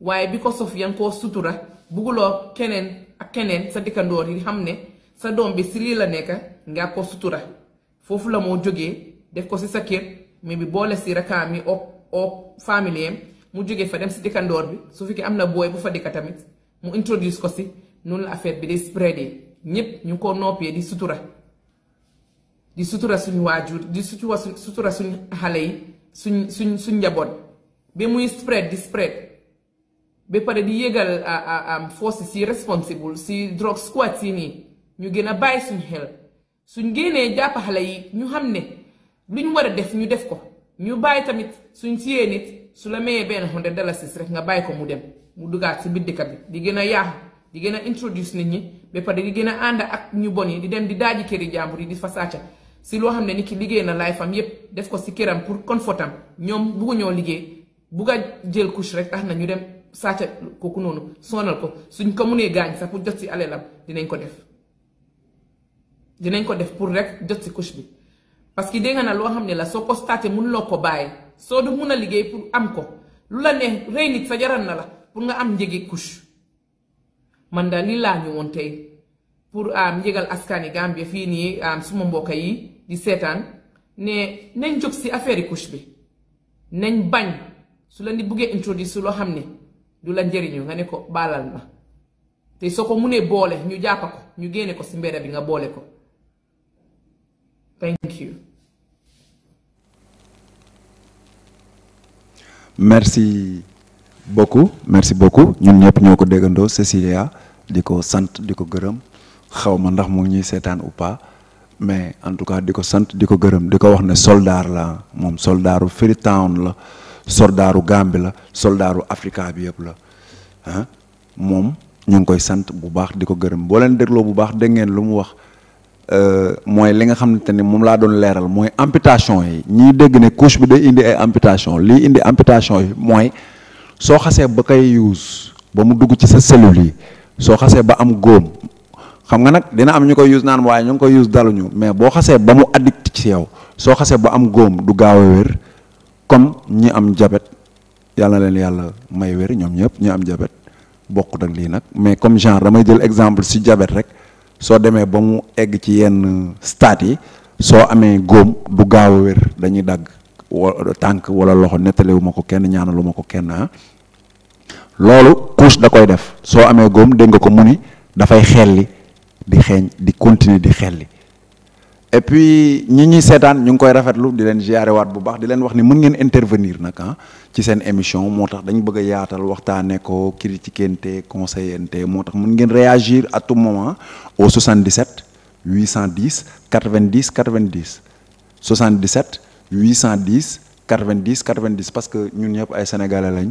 waaye bi ko sof yan koo sutura bugguloo keneen ak keneen sa dëkkandoor yi xam ne sa doom bi si lii la nekk nga ko sutura foofu la moo jógee def ko si sa kër mais bi boole si rakkaam yi op op famille mu jógee fa dem si dëkkandoor bi su fekkee am na booy bu fa dëkka tamit mu introduce ko si noonu la affaire bi day spreadé ñëpp ñu ko noppee di sutura di sutura suñu waajur di sutura sutura xale yi suñ suñ suñ njaboot ba muy spread di spread ba pare di yëgal am ah, ah, ah, force si responsible si drogue squad si nii ñu gën a bàyyi suñu xel suñ génnee jàpp xale yi ñu xam ne ñu war a def ñu def ko ñu bàyyi tamit suñ siyee nit su la mayee benn hundred dalasis rek nga bàyyi ko mu dem mu dugaat si biddika bi di gën a yaaxu di gën a introduce nit ñi ba pare di gën a ànd ak ñu bon yi di dem di daaji këri jàmbur yi di fa sàcca si loo xam ne ni ki liggéey na laay fam yépp def ko si këram pour confortam ñoom bugg ñoo liggéey bugg a jël couche rek tax na ñu dem sàcca kooku noonu soonal ko suñ ko munee gaañ sax pour jot si alelam dinañ ko def dinañ ko def pour rek jot si couche bi parce que dégg na loo xam ne la soo ko staté mënuloo ko bàyyi soo du mun a liggéey pour am ko lu la ne rëy nit na la pour nga am njëgi couche man daal lii laa ñëwoon tey pour am ah, yëgal askan yi Gambie fii nii am ah, suma mbokk yi di seetaan ne nañ jóg ci affaire yi bi nañ bañ su la nit buggee introduire su loo xam ne du la njëriñu nga ne ko baalal ma te soo ko munee boole ñu jàpp ko ñu génne ko ci mbedda bi nga boole ko thank you beaucoup merci beaucoup ñun ñëpp ñoo ko déggandoo Cécilia di ko sant di ko gërëm xaw ma ndax mu ñuy seetaan ou pas mais en tout cas di ko sant di ko gërëm di ko wax ne soldaar la moom soldaaru Freetown la soldaaru Gambie la soldaaru Africa bi yëpp la ah moom ñu ngi koy sant bu baax di ko gërëm boo leen dégloo bu baax dégg ngeen lu mu wax euh, mooy li nga xamante ni moom laa doon leeral mooy amputation yi ñiy dégg ne couche bi day indi ay amputation lii indi amputation yi mooy soo xasee ba koy use ba mu dugg ci sa cellule yi soo xasee ba am góom xam nga nag dina am ñu koy use naan waaye ñu ngi koy use daluñu mais boo xasee ba mu addict ci yow soo xasee ba am góom du gaaw a wér comme ñi am jabet yàlla na leen yàlla may wér ñoom ñëpp ñi am jabet bokkut ak lii nag mais comme genre damay jël exemple si jabet rek soo demee ba mu egg ci yenn stade yi soo amee góom du gaaw wér dañuy dagg wa tànk wala loxo nettaliwu ma ko kenn ñaanalu ma ko kenn ah loolu couche da koy def soo amee góom dégg nga ko mu ni dafay xelli di xeeñ di continuer di xelli et puis ñi ñuy seetaan ñu ngi koy rafetlu di leen jaarewaat bu baax di leen wax ni mun ngeen intervenir nag ah ci seen émission moo tax dañ bëgg a yaatal waxtaanee ko critiquente conseillente moo tax mun ngeen réagir à tout moment ah, au 77 810 90 90 77 810 90 90 parce que ñun ñëpp ay sénégalais lañ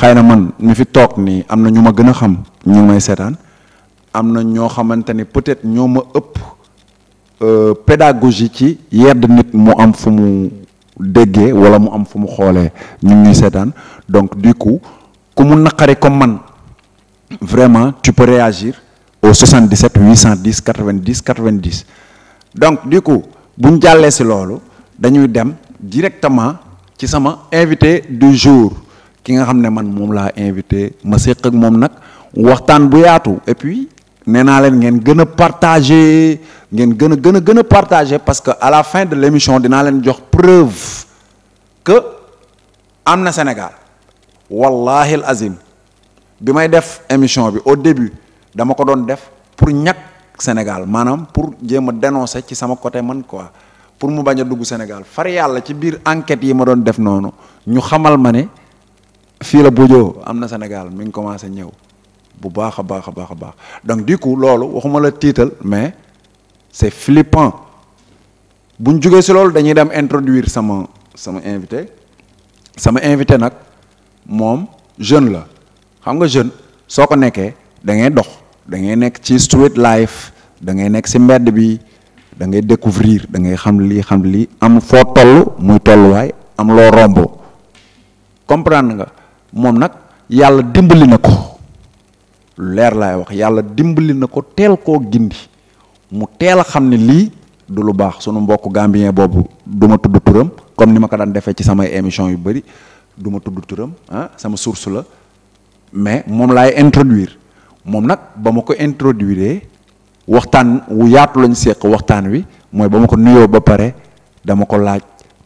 xëy na man ñu fi toog nii am na ñu ma gën a xam ñu may seetaan am na ñoo xamante ni peut-être ñoo ma ëpp euh, pédagogie ci yedd nit mu am fu mu déggee walla mu am fu mu xoolee ñu ngi ñuy seetaan donc du coup ku mu naqari comme man vraiment tu peux réagir au 77 810 90 90 donc du coup bu ñu jàllee si loolu. dañuy dem directement ci sama invité du jour ki nga xam ne man moom laa invité ma séq ak moom nag waxtaan bu yaatu et puis nee naa leen ngeen gën a partager ngeen gën a gën a gën a partager parce que à la fin de l'émission dinaa leen jox preuve que am na Sénégal wallahi al azim bi may def émission bi au début dama ko doon def pour ñàkk Sénégal maanaam pour jéem a dénoncer ci sama côté man quoi pour mu bañ a dugg Sénégal far yàlla ci biir enquête yi ma doon def noonu ñu xamal ma ne fii la Bodiou am na Sénégal mi ngi commencé ñëw bu baax a baax a baax a baax donc du coup loolu waxuma la tiital mais c'est flippant bu ñu jógee si loolu dañuy dem introduir sama sama invité sama invité nag moom jeune la xam nga jeune soo ko nekkee da ngay dox da ngay nekk ci street life da ngay nekk si mbedd bi da ngay découvrir da ngay xam lii xam lii am foo toll muy tolluwaay am loo romb comprendre nga moom nag yàlla dimbali na ko leer laay wax yàlla dimbali na ko teel koo gindi mu teel a xam ne lii du lu baax sunu mbokk gambien boobu du ma tudd turam comme ni ma ko daan defee ci samay émission yu bëri du ma tudd turam ah sama source la mais moom laay introduire moom nag ba ma ko introduire waxtaan wu yaatu lañ seq waxtaan wi mooy ba ma ko nuyoo ba pare dama ko laaj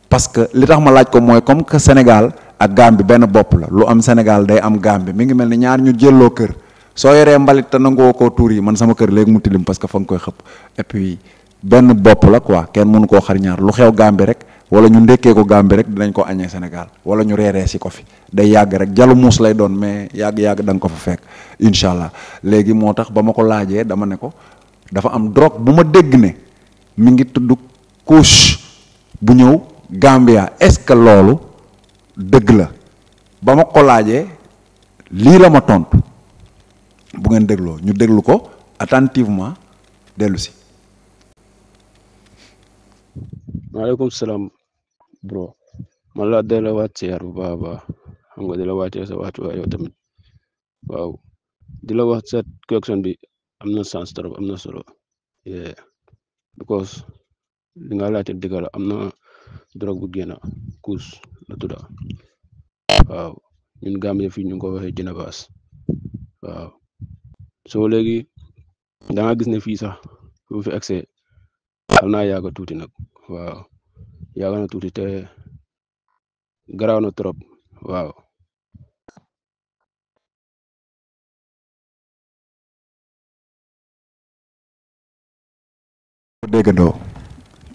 parce que li tax ma laaj ko mooy comme que Sénégal ak Gambie benn bopp la lu am Sénégal day am Gambie mi ngi mel ni ñaar ñu jëlloo kër soo yoree mbalit te nangoo koo tuur yi man sama kër léegi mu tilim parce que fa koy xëpp et puis benn bopp la quoi kenn mënu koo xar ñaar lu xew bi rek wala ñu ndekkee ko bi rek dinañ ko añee Sénégal wala ñu reeree si ko fi day yàgg rek jalu muus lay doon mais yàgg-yàgg da ko fa fekk incha allah léegi moo tax ba ma ko laajee dama ne ko dafa am drogue bu ma dégg ne mi ngi tudd kush bu ñëw Gambia est loolu dëgg la ba ma kolaajee lii la ma tontu bu ngeen dégloo ñu déglu ko attentivement dellu si. maaleykum salaam bro man laa delloo waat ci yar bu baax baax xam nga di la waatee sa waat yow tamit waaw di la wax sa question bi am na sens trop am na solo because li nga laajte dëgg la am na drogue bu génn kuus la tudda waaw ñun Gambie fii ñu gi ko waxee jënabaas waaw soo léegi da gis ne fii sax bu fi accès xam naa yàgg tuuti nag waaw yàgg na tuuti te garaaw na trop waaw. déggandoo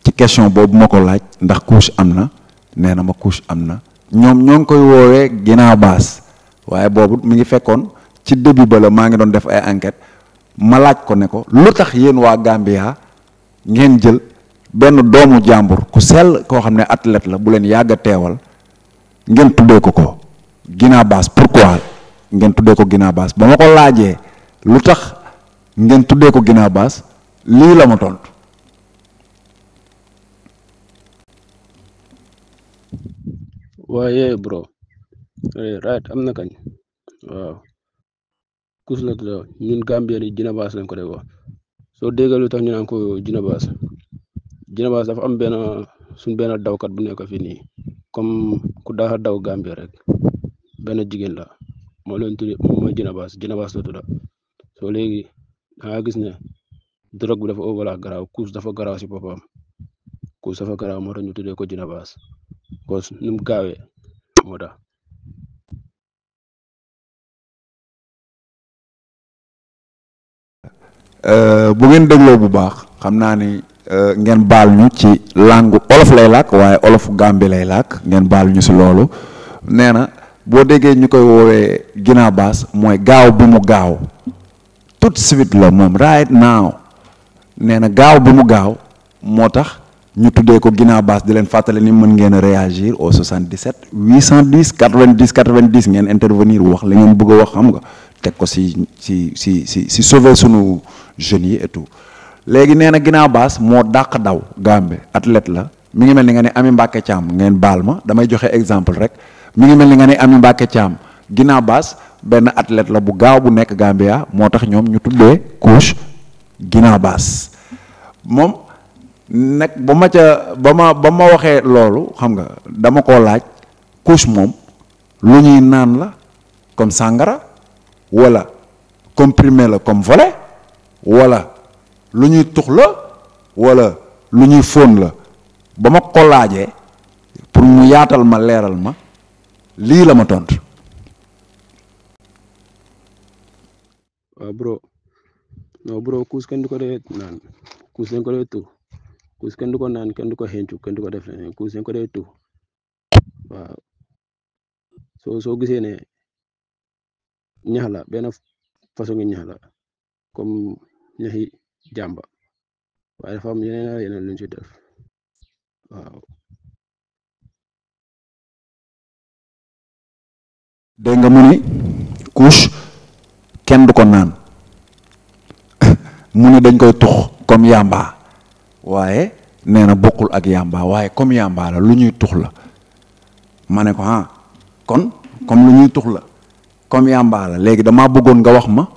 ci question boobu ma ko laaj ndax couche am na nee na ma couche am na ñoom ñoo ngi koy woowee ginaa baas waaye boobu mu ngi fekkoon ci début ba la maa ngi doon def ay enquête ma laaj ko ne ko lu tax yéen waa Gambia ngeen jël benn doomu jàmbur ku sell koo xam ne athlète la bu leen yàgg a teewal ngeen tuddee ko ko ginaa baas pourquoi ngeen tuddee ko ginnaaw baas ba ma ko laajee lu tax ngeen tuddee ko ginaa baas lii la ma tontu. waaye bro eh, right am na kañ waaw kus nag la ñun Gambien yi Jina Baas lañ ko def wax soo déggal lu ñu ko Jina Baas Jina dafa am benn suñ benn dawkat bu nekk fii nii comme ku daaxa daw Gambie rek benn jigéen la moo leen tuddee moom mooy Jina Baas Jina Baas la tudda soo léegi da nga gis ne drogue bi dafa overla garaaw kus dafa garaaw si boppam. ku safa garaaw moo tax ñu tuddee ko dina baas mu gaawee euh, bu ngeen dégloo bu baax xam naa ni euh, ngeen baal ñu ci langue olof lay làkk waaye olofu Gàmbi lay làkk ngeen baal ñu si loolu nee na boo déggee ñu koy woowee Guinaw baas mooy gaaw bi mu gaaw tout de suite la moom right now nee na gaaw bi mu gaaw moo tax ñu tuddee ko ginnaaw baas di leen fàttale ni mën ngeen a réagir au 77 810 90 90 ngeen intervenir wax la ngeen bëgg a wax xam nga teg ko si si si si si sauver sunu jeunes yi et léegi nee na ginnaaw baas moo dàq daw Gambie athlète la mi ngi mel ni nga ne Ami Mbacke Thiam ngeen baal ma damay joxe exemple rek mi ngi mel ni nga ne Ami Mbacke Thiam ginnaaw baas benn athlète la bu gaaw bu nekk Gambia moo tax ñoom ñu tuddee coach ginnaaw baas nag ba ma ca ba ma ba ma waxee loolu xam nga dama koo laaj couche moom lu ñuy naan la comme sàngara wala comprimé la comme volet wala lu ñuy tux la wala lu ñuy fóon la ba ma ko laajee pour mu yaatal ma leeral ma lii la ma tontu. waaw bro non bro couche kenn du ko dee naan couche dañ ko dee tux kous kenn du ko naan kenn du ko xencu kenn du ko def leneen kuus soo soo gisee ne ñax la benn façon ñax la comme ñaxi jàmba waaye dafa am yeneen ak yeneen luñ ci def waaw. dégg nga mu ni kenn du ko naan [LAUGHS] mu ni dañ koy tux comme yàmba. waaye nee na bokkul ak yàmbaa waaye comme yàmbaa la lu ñuy tux la ma ne ko ah kon comme lu ñuy tux la comme yàmbaa la léegi damaa bëggoon nga wax ma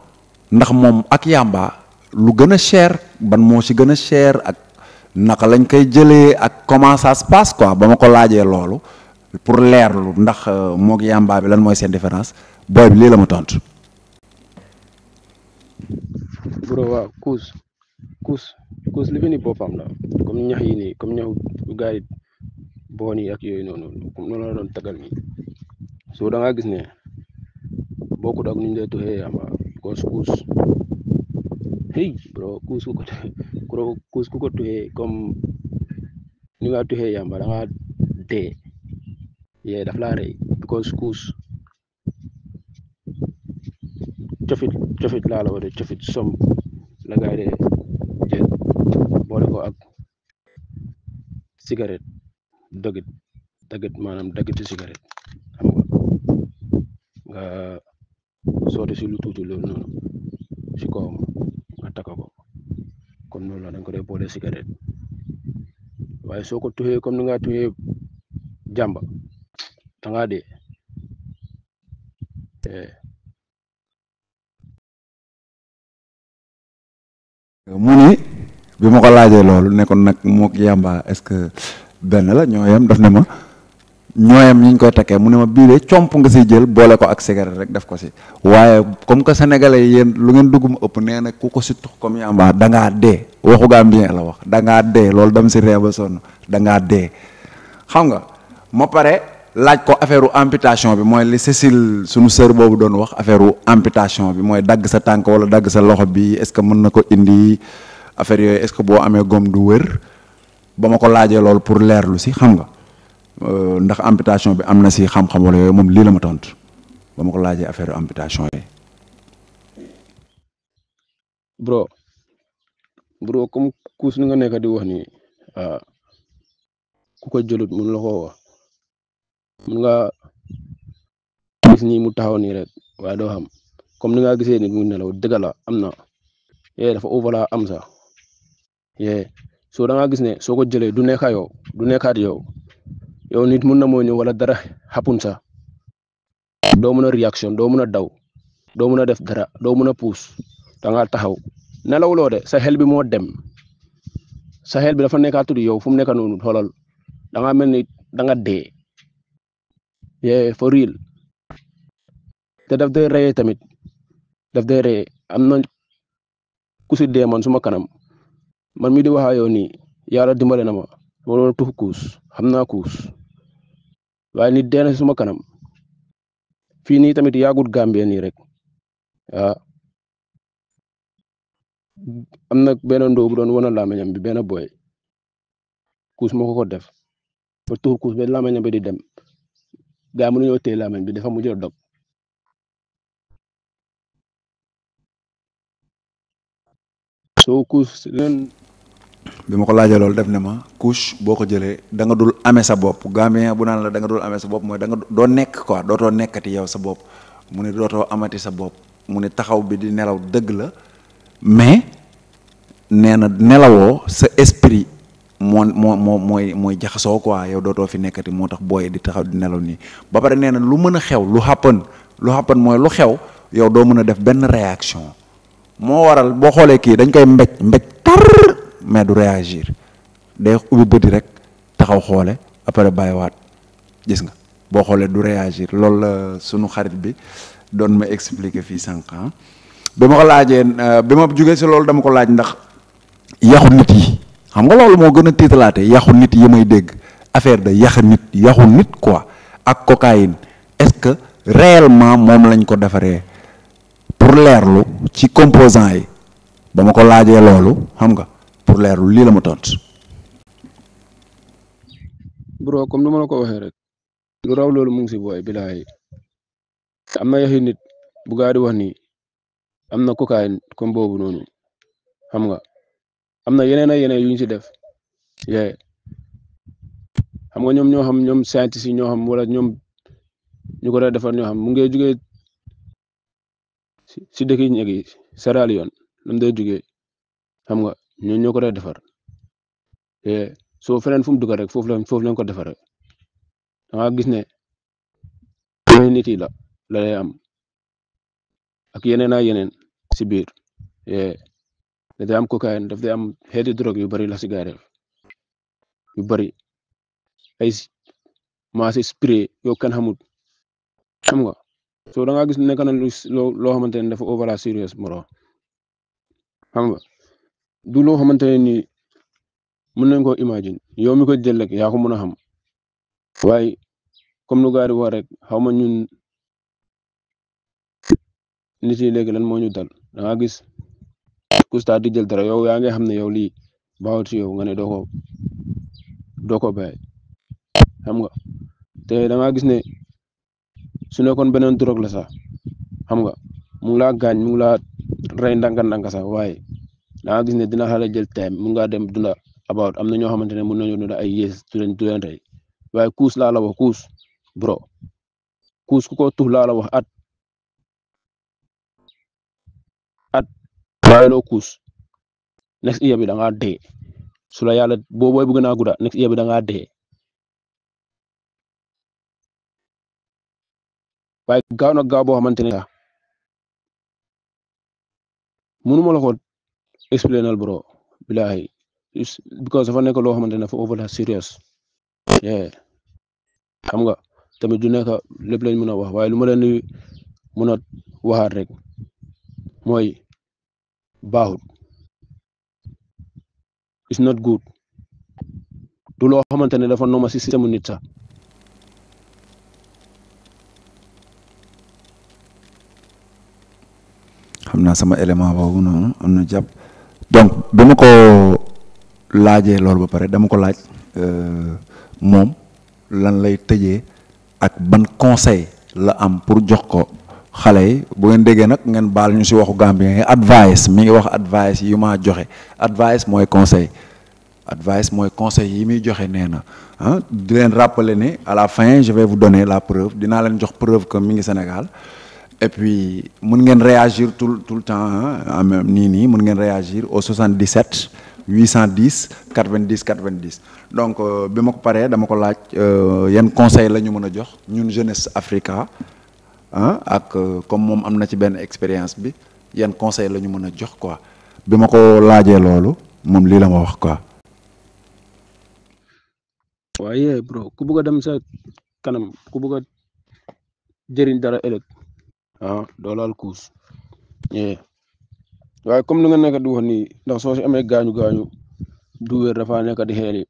ndax moom ak yàmbaa lu gën a cher ban moo ci gën a cher ak naka lañ koy jëlee ak comment ça se quoi ba ma ko laajee loolu pour leerlu ndax euh, moog yàmbaa bi lan mooy seen différence booy bi lii la ma tontu. because li fi ni boppam la comme ñax yi nii comme ñaxu ak yooyu noonu comme noonu doon tagal nii soo da ngaa gis ne bokkut ak nuñ lay tuxee because kuus hey bro kuus ku ko [LAUGHS] kuus ku ko tuxee comme ni nga tuxee yamba da ngaa dee yee daf laa rey because kuus cofit cofit laa la wala som la cigarette dogit dagit maanaam dagitu cigarette xam nga nga si lu tuuti loolu noonu si kawam nga takka ko kon noonu la dañ ko dee boole cigarette waaye soo ko tuxee comme ni nga tuxee jàmba danga dee mu ne bi ma ko laajee loolu nekkoon nag mook yamba est-ce que benn la ñoo yem daf ne ma ñoo yem ñu ñu koy takkee mu ne ma bii comp nga siy jël boole ko ak cigarette rek def ko si waaye comme que sénégalais yi yéen lu ngeen dugg ma ëpp nee na ku ko si tux comme yamba da ngaa dee waxu gambien la wax da ngaa dee loolu dem si ree ba sonn dangaa ngaa dee xam nga ma pare laaj ko affaire amputation bi mooy li Cécile sunu sœur boobu doon wax affaire amputation bi mooy dagg sa tànk wala dagg sa loxo bi est-ce que mën na ko indi. affaire yooyu est-ce que bo amee gomme du wër ba ma ko laajee loolu pour leerlu si xam nga euh, ndax amputation bi am na si xam-xam yooyu moom lii la ma tontu ba ma ko laajee affaire amputation yi. bro bro comme kuus ni nga nekk di wax nii ah, ku ko jëlut mun la koo wax mun nga gis nii mu taxaw nii rek waaye doo xam comme ni nga gisee nit mu nelaw dëgg am na yee eh, dafa overla am sax yee soo da ngaa gis ne soo ko jëlee du nekkaa yow du nekkaat yow yow nit mun na moo ñëw wala dara xapun sa doo mun a doo mun a daw doo mun a def dara doo mun a puus da ngaa taxaw nelawuloo de sa xel bi moo dem sa xel bi dafa nekkaatul yow fu mu nekk noonu xoolal da ngaa mel ni da nga dee yee te daf day reyee tamit daf day reyee am na ku man suma kanam man mii di wax ak yow nii yàlla dimbale na ma ma doon tux kuus xam naa kuus waaye nit dee na suma kanam fii nii tamit yagut Gambie nii rek ah am na benn ndóo bu doon wana bi benn boy kuus moo ko ko kuus ba làmmiñam bi di dem gaa mu ñëw téye làmmiñ bi dafa mujj a dog kuus bi ma ko laajee loolu def ne ma couche boo ko jëlee da nga dul amee sa bopp gambien bu naan la da nga dul amee sa bopp mooy da nga doo nekk quoi dootoo nekkati yow sa bopp mu ne dootoo amati sa bopp mu ne taxaw bi di nelaw dëgg la mais nee na nelawoo sa esprit moo moo moo mooy mooy jaxasoo quoi yow dootoo fi nekkati moo tax booy di taxaw di nelaw nii ba pare nee na lu mën a xew lu happen lu happen mooy lu xew yow doo mën a def benn réaction moo waral boo xoolee mais du réagir day ubbi bëti rek taxaw xoole après bàyyiwaat gis nga boo xoolee du réagir loolu la sunu xarit bi doon ma expliquer fii sànq ah. bi ma ko laajee euh, bi ma jugee si loolu dama ko laaj ndax yaxu nit yi xam nga loolu moo gën a tiitalaate yaxu nit yi may dégg affaire de yax nit yaxu nit quoi ak cocaïne est-ce que réellement moom lañ ko defaree pour leerlu ci composant yi ba ma ko laajee loolu xam nga pour leerlu lii la ma tont bro comme nu la ko waxee rek lu raw loolu mu ngi si booy bilaay am na nit bu gaa di wax nii am na cocaïne comme boobu noonu xam nga am na yeneen ak yeneen yu ñu si def yee xam nga ñoom ñoo xam ñoom scientist yi ñoo xam wala ñoom ñu ko da defar ñoo xam mu ngi jugee si dëkk yi ñegi Sierra Leone lam day jugee xam nga ñoo ñoo ko doon defar te soo feneen fu mu dugal rek foofu lañ foofu lañ ko defare da nga gis ne yooyu nit yi la am ak yeneen ak yeneen si biir daf am cocaïne daf day am xeeti drogue yu bari la cigare yu bari ay maasi spray yoo kenn nga soo da nga gis nekk na loo xamante ne dafa over moro xam du loo xamante ne nii mën nañ koo imagine yow mi koy jël rek yaa ko mën a xam waaye comme nu gaari wax rek xaw ma ñun nit yi léegi lan moo dal da gis kusta di jël dara yow yaa ngi xam ne yow lii baaxut si yow nga ne doo ko doo ko bàyyi xam nga te da nga gis ne su nekkoon beneen drogue la sax xam nga mu ngi laa gaañ mu ngi laa rey ndànk-ndànk sa waaye. da nga gis ne dina xala jël time mun ngaa dem dunda about am na ñoo xamante ne mun nañu dunda ay yées tulen tulen tey waaye kuus laa la wax kuus bro kuus ku ko tux la wax at at waaye loo kuus next year bi da ngaa dee su la yàlla boo bëgg naa gudda next year bi da ngaa ga waaye gaaw na gaaw boo xamante ne explainal bro bilaay because dafa nekk loo xamante ne dafa over la nga tamit du nekk lépp lañ mën a wax waaye lu ma leen mën a waxaat rek mooy baaxut it's not good du loo xamante ne dafa nooma si système nit xam naa sama élément boobu noonu am na jàpp donc dama ko laajee loolu ba pare dama ko laaj euh, moom lan lay tëjee ak ban conseil la am pour jox ko xale yi bu ngeen déggee nag ngeen baal ñu si waxu Gambie nga advice mi ngi wax advice yi maa joxe advice mooy conseil advice mooy conseil yi muy joxe nee na ah di leen rappeler ne à la fin je vais vous donner la preuve dinaa leen jox preuve que mi ngi Sénégal et puis mun ngeen réagir tout tout le temps en nii nii mun ngeen réagir au 77 810 90 90 donc euh, bi ma ko paree dama ko laaj euh, yan conseil lañu mën a jox ñun jeunesse Africa ah ak euh, comme moom am na ci benn expérience bi yan conseil la ñu mën a jox quoi bi ma ko laajee loolu moom lii lama wax quoi. waaye bro ku bëgg a dem sa kanam ku bëgg a jëriñ dara ëllëg. ah doo laal kuus waaye comme li nga nekk di wax nii ndax soo si amee gaañu gaañu du wér dafa nekk di xeeli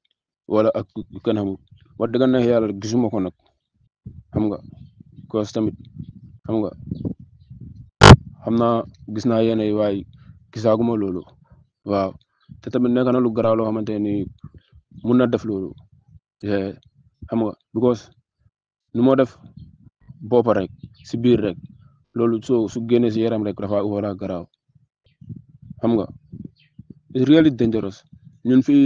wala ak kenn xamul wax dëgg neex yàlla gisuma ko nag xam nga koos tamit xam nga xam naa gis naa yenn yi waaye loolu waaw te tamit nekk na lu garaaw loo xamante ni mun na def loolu xam nga because nu moo def bopp rek si biir rek loolu soo su génnee si yaram rek dafa war a garaaw xam nga really dangerous ñun fii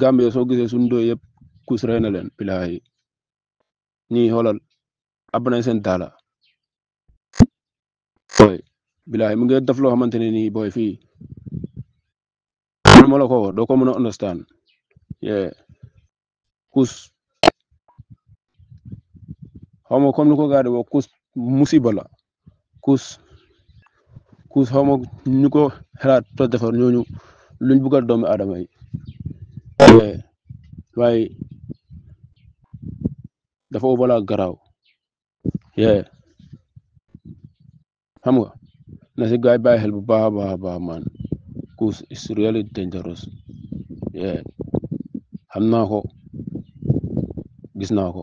Gambie soo gisee suñu doy yëpp kus rey na leen bilaay ñuy xoolal ab nañ seen daala booy bilaay mu ngi def loo xamante ne nii booy fii man ma doo ko mën a understand yeah kus xaw comme ni ko gaa di musi bala kuus kuus xaw ma ñu ko defar ñooñu luñ bëggal doomi aadama yi eh, waaye dafa ubala garaaw yee eh, xam nga na si gaay bàyyi xel bu baax a baax man kuus is really yee eh, xam naa ko gis naa ko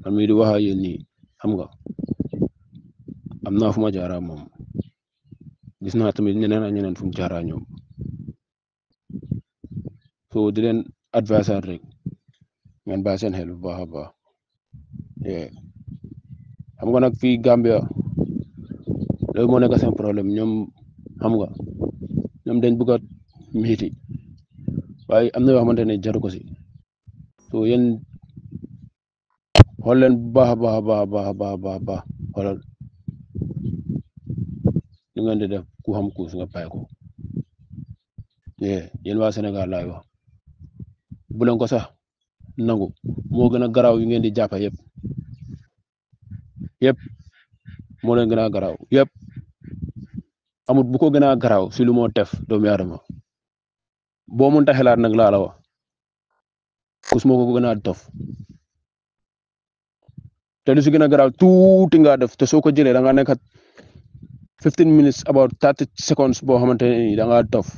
man mii di wax nii xam nga am naa fu ma jaara moom gis naa tamit ñeneen ak ñeneen fu mu jaara ñoom so di leen adversaire rek ngeen bàyyi seen xel bu baax a baax xam nga nag fii Gambia loolu moo nekk problème ñoom xam nga ñoom dañ bëgg a miiti waaye am na yoo xamante ne jaru ko si so yéen xool leen bu baax a baax a baax a baax a baax li ngeen di def ku xam kuus nga pay ko yéen waa Sénégal laay wax bu nangu moo gën a garaaw yu ngeen di jàppa yëpp yëpp moo leen gën a garaaw amut buko ko gën a garaaw lu moo tef doomu aadama boo mun ta nag laa la wax kus moo ko gën tof te lu si gën a def te soo ko jëlee da fifteen minutes about thirty seconds boo xamante ne nii da ngaa dof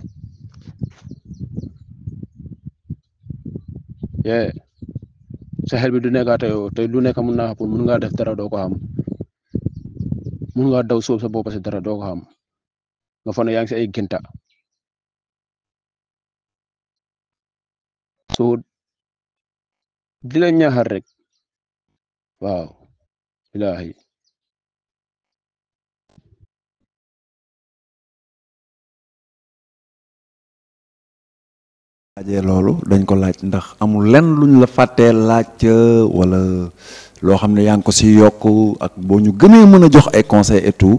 yeah sa xel bi du nekkaate yow te lu nekk mun naa xapun mun ngaa def dara doo ko xam mun ngaa daw soob sa bopp si dara doo ko xam nga fa ne yaa ngi si ay génta so di la ñaaxal rek waaw ilaahi laajee loolu dañ ko laaj ndax amul lenn luñ la fàttee laaj wala loo xam ne yaa ngi ko si yokk ak boo ñu gënee mën a jox ay conseils et tout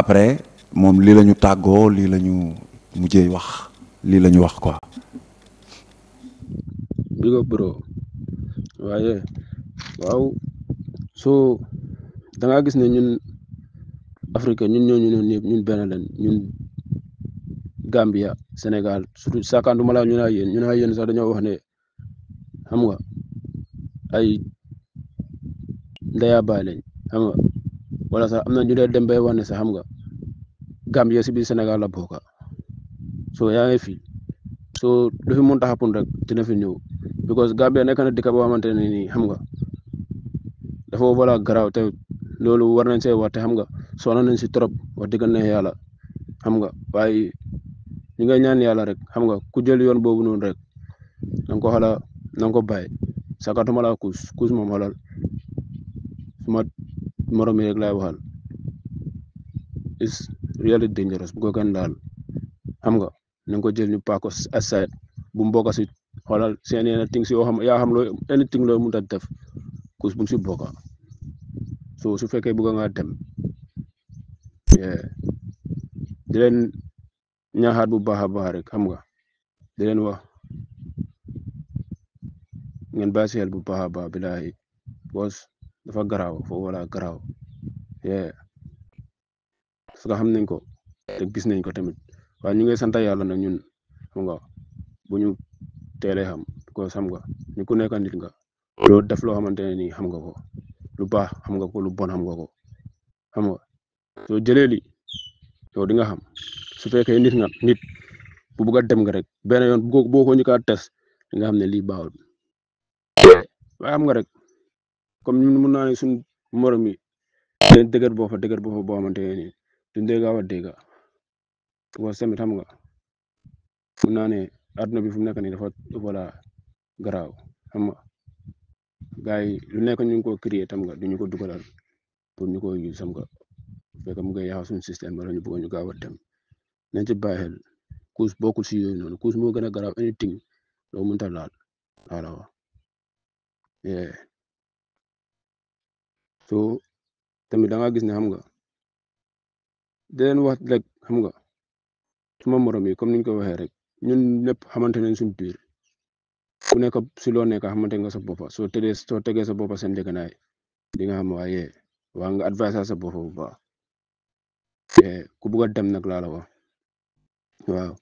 après moom lii la ñu tàggoo lii la ñu mujjee wax lii la wax quoi. waaye waaw soo da gis ne ñun Afrique ñun ñooñu noonu ñëpp ñun benn lañ ñun. Gambia Sénégal surtout saakaantuma laa ñu naa yéen ñu naa yéen sax dañoo wax ne xam nga ay ndeya baay lañ wala sax am na ñu dee dem bay wax ne xam nga Gambia si biir Sénégal la bokk soo yaa ngi fi soo lu fi mun taxapun rek dina fi because Gambia nekk na dëkk boo xamante ne nii xam nga dafa wala garaaw te loolu war nañ see wax te xam nga soxla nañ si trop wax dëgg ne yàlla xam ñi ngay ñaan yàlla rek xam nga ku jël yoon boobu noonu rek na nga ko xala na nga ko bàyyi sakatuma laa kuus kuus moom xalal suma morom yi rek laay waxal is really dangerous bu ko nga na ko jël ñu paako aside si xoolal seen yeneen ting si yoo xam yaa xam loo anything loo mënut a def kuus bu mu so su fekkee bëgg nga ñaxaat bu baax a baax rek xam nga di leen wax ngeen bàyyi bu baax a baax bilaahi boos dafa garaaw foofu wala garaaw yee parce que xam nañ ko gis nañ ko tamit waaye ñu ngi sant yàlla nag ñun xam nga bu ñu teelee xam ko xam nga ñu ku nekk nit nga loolu def loo xamante ne nii xam nga ko lu baax xam nga ko lu bon xam nga ko xam nga soo jëlee li yow di nga xam. su fekkee nit na nit bu bugg a dem nga rek benn yoon boo boo ko njëkkaat test nga xam ne lii baaxul waaye xam nga rek comme ñun mun naa ne suñ morom yi leen dëgër boo fa dëgër boo fa boo ne nii duñ dee gaaw a dégg waaye tamit xam nga naa ne adduna bi fu mu nekk nii dafa voilà garaaw xam nga gars yi lu nekk ñu ngi ko créer tam nga duñu ko dugalal pour ñu ko use xam nga fekk mu ngi yàq suñu système wala ñu bëgg ñu gaaw a nañ ci bàyyi xel couche bokkul si yooyu noonu couche moo gën a garaaw anything loo mënta laal laala wa so tamit da nga gis ne xam nga di leen rek xam nga suma morom yi comme niñ ko waxee rek ñun lépp xamante nañ suñ biir ku nekk si loo nekk xamante nga sa boppa soo tegee soo tegee sa boppa seen njëganaay di nga xam waaye waa nga advice sa boppa bu baax ku bugg a dem nag laala wa waaw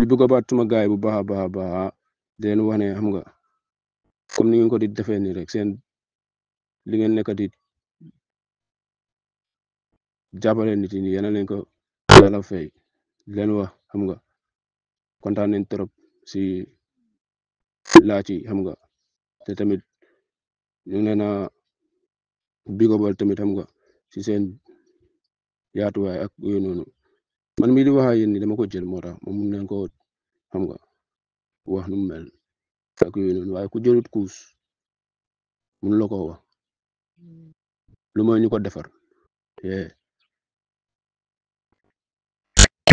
li bëgg a baat suma gaay bu baax a baax a baax ah, di leen wax ne xam nga comme ni ngeen ko di defee nii rek seen li ngeen nekk di jàppale nit ñi yéen a leen ko yàlla fay leen wax xam nga kontaan nañ trop si laaj yi xam nga te tamit ñu ngi leen a tamit xam nga si seen yaatuwaay ak yooyu noonu. man mii di wax ak yéen ni dama ko jël moo tax moom mun ko xam nga wax nu mu mel ak yooyu noonu waaye ku jëlut kuus mun la ko wax lu mooy ñu ko defar yee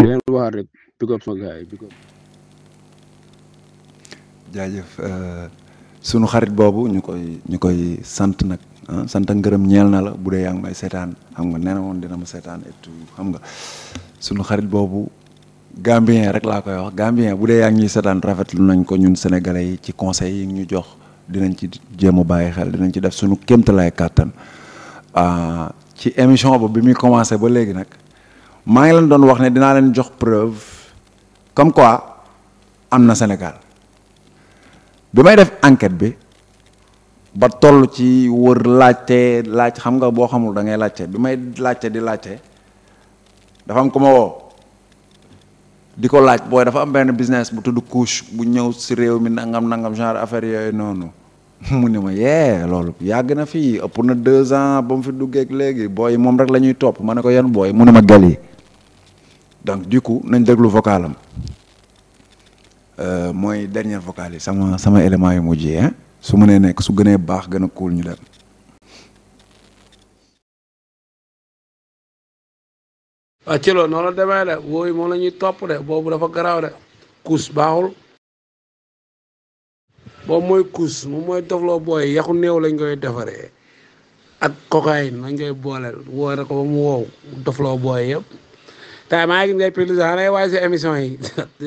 leen waxaat rek pick up sama gars yi pick up euh, sunu xarit boobu ñu koy ñu koy sant nag Ah, sant ak ngërëm ñeel na la bu dee yaa ngi may seetaan xam nga nee woon dina ma seetaan et xam nga suñu xarit boobu Gambien rek laa koy wax Gambien bu dee yaa ngi ñuy seetaan rafetlu nañ ko ñun sénégalais yi ci conseils yi ñu jox dinañ ci jéem a bàyyi xel dinañ ci def sunu kéemtalaay kàttan ah, ci émission ba bi muy commencé ba léegi nag maa ngi leen doon wax ne dinaa leen jox preuve comme quoi am na Sénégal bi may def enquête bi. ba toll ci wër laajte laaj xam nga boo xamul da ngay laajte bi may laajte di laajte dafa am ku ma woo di ko laaj booy dafa am benn business bu tudd couche bu ñëw si réew mi nangam nangam genre affaire yooyu noonu [LAUGHS] mu ni ma yee loolu yàgg na fii ëpp na deux ans ba mu fi duggee ak léegi booy moom rek la ñuy topp ma ne ko yan booy mu ne ma gal yi donc du coup nañ déglu vocalam euh, mooy dernier vocal yi sama sama élément yu mujj yi su mënee nekk su gënee baax gën a cool ñu dem. waaw ah, ci loolu noonu la demee de wooyu moom la topp de boobu dafa garaaw de kuus baaxul boobu mooy kuus moom mooy dofloo booy yaxu néew lañ koy defaree ak cocaïne lañ koy booleel woore ko ba mu wow dofloo booy yëpp tay maa ngi ngay prise xanaa waay si émission yi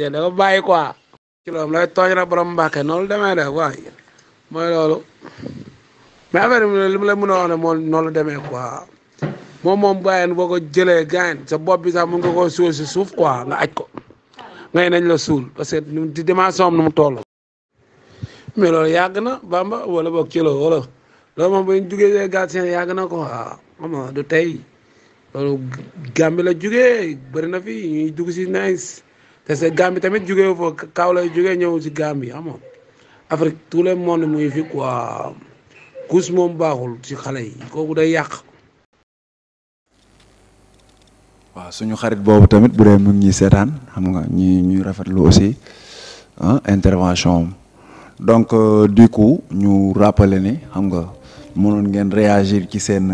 [LAUGHS] dafa bàyyi quoi ci loolu lay tooñ la borom mbàkke noonu demee de waay mooy loolu mais affaire li mu la mën a wax moo noonu la demee quoi moom moom gaayen boo ko jëlee gaayen sa bopp bi sax mën nga koo suul si suuf quoi nga aj ko ngay nañ la suul parce di dimension am nu mu toll mais yàgg na bamba wala boog kilo wala loolu moom bu ñu jugee gàtt seen yàgg na ko waaw ah, xam nga du tey loolu la jugee bëri na fi ñuy dugg si nice te sa Gàmbi tamit jugee foofu kaw lay jugee ñëw si Gàmbi xam Afrique tout le monde muy fi quoi couche moom baaxul ci xale yi kooku day yàq. waaw suñu xarit boobu tamit bu dee mu ngi seetaan xam nga ñuy ñuy rafetlu aussi ah, intervention donc euh, du coup ñu rappeler ni xam nga mënoon ngeen réagir ci seen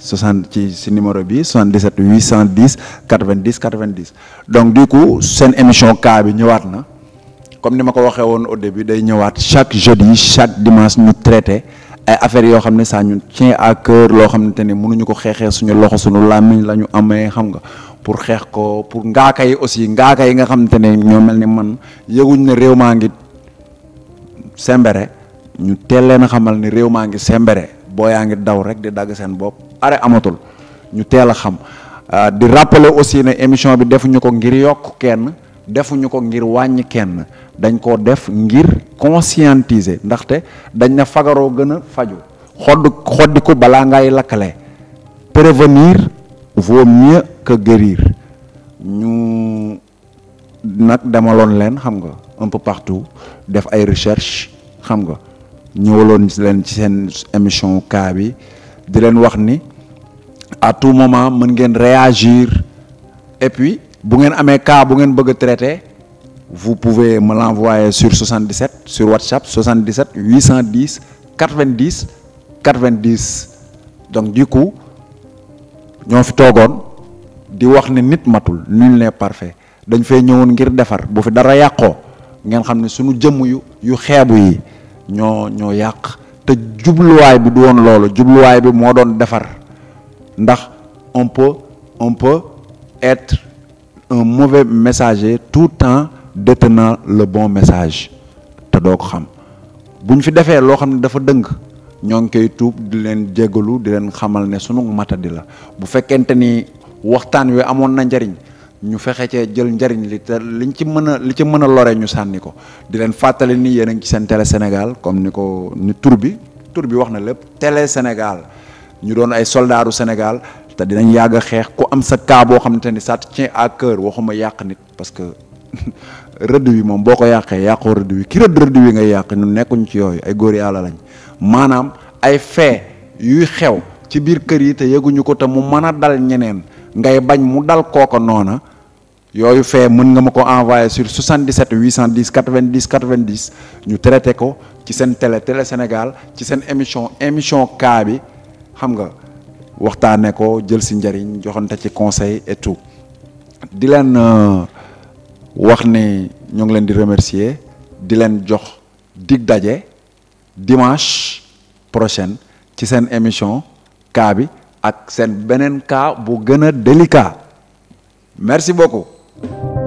60 euh, ci si numéro bi 77 810 90 90 donc du coup seen émission cas bi ñëwaat na. comme ni ma ko waxee woon au début day ñëwaat chaque jeudi chaque dimanche ñu traité ay affaires yoo xam ne ça ñu tient à cœur loo xamante ni mënuñu ko xeexee suñu loxo suñu làmmiñ la ñu amee xam nga pour xeex ko pour ngaaka yi aussi ngaaka yi nga xamante ne ñoo mel ni man yëguñ ne réew maa ngi sembere ñu teel leen xamal ni réew maa ngi sembere boo yaa ngi daw rek di dagg seen bopp are amatul ñu teel a xam euh, di rappeler aussi ne émission bi defuñu ko ngir yokk kenn defuñu ko ngir wàññi kenn dañ ko def ngir conscientiser ndaxte dañ na fagaroo gën a faju xodd xoddiku balaa ngay lakkale prévenir vaut mieux que guérir ñu nag demaloon leen xam nga un peu partout def ay recherche xam nga ñëwaloon leen ci seen émission cas bi di leen wax ni à tout moment mën ngeen réagir et puis bu ngeen amee cas bu ngeen bëgg a traité vous pouvez me l'envoyer sur 77 sur WhatsApp 77 810 90 90 donc du coup ñoo fi toogoon di wax ne nit matul nul n'est parfait dañ fee ñëwoon ngir defar boo fi dara yàqoo ngeen xam ne suñu jëmm yu yu xeebu yi ñoo ñoo yàq te jubluwaay bi du woon loolu jubluwaay bi moo doon defar ndax on peut on peut être un mauvais messager tout temps détenant le bon message te doo xam bu ñu fi defee loo xam ne dafa dëng ñoo ngi koy tuub di leen jégalu di leen xamal ne sunu matadi la bu fekkente ni waxtaan wi amoon na njariñ ñu fexe cee jël njariñ li te liñ ci mën a li ci mën a lore ñu sànni ko di leen fàttali nii yéen a ci seen télé Sénégal comme ni ko ni tur bi tur bi wax na lépp télé Sénégal ñu doon ay soldaaru Sénégal te dinañ yàgg xeex ku am sa cas boo xamante ni ça ci à cœur waxuma yàq nit parce que [LAUGHS] rëdd wi moom boo ko yàqee yàqoo rëdd wi ki rëdd rëdd wi ngay yàq ñun nekkuñu ci yooyu ay góor yàlla lañ maanaam ay fee yuy xew ci biir kër yi te yëguñu ko te mu mën a dal ñeneen ngay bañ mu dal kooka noona yooyu fee mën nga ma ko envoyé sur 77 810 90 90 ñu traité ko ci seen télé télé Sénégal ci seen émission émission kaa bi xam nga waxtaanee ko jël si njëriñ joxante ci conseil et tout wax ni ñoo ngi leen di remercier di leen jox dig daje dimanche prochaine ci seen émission kaa bi ak seen beneen kaa bu gën a délicat merci beaucoup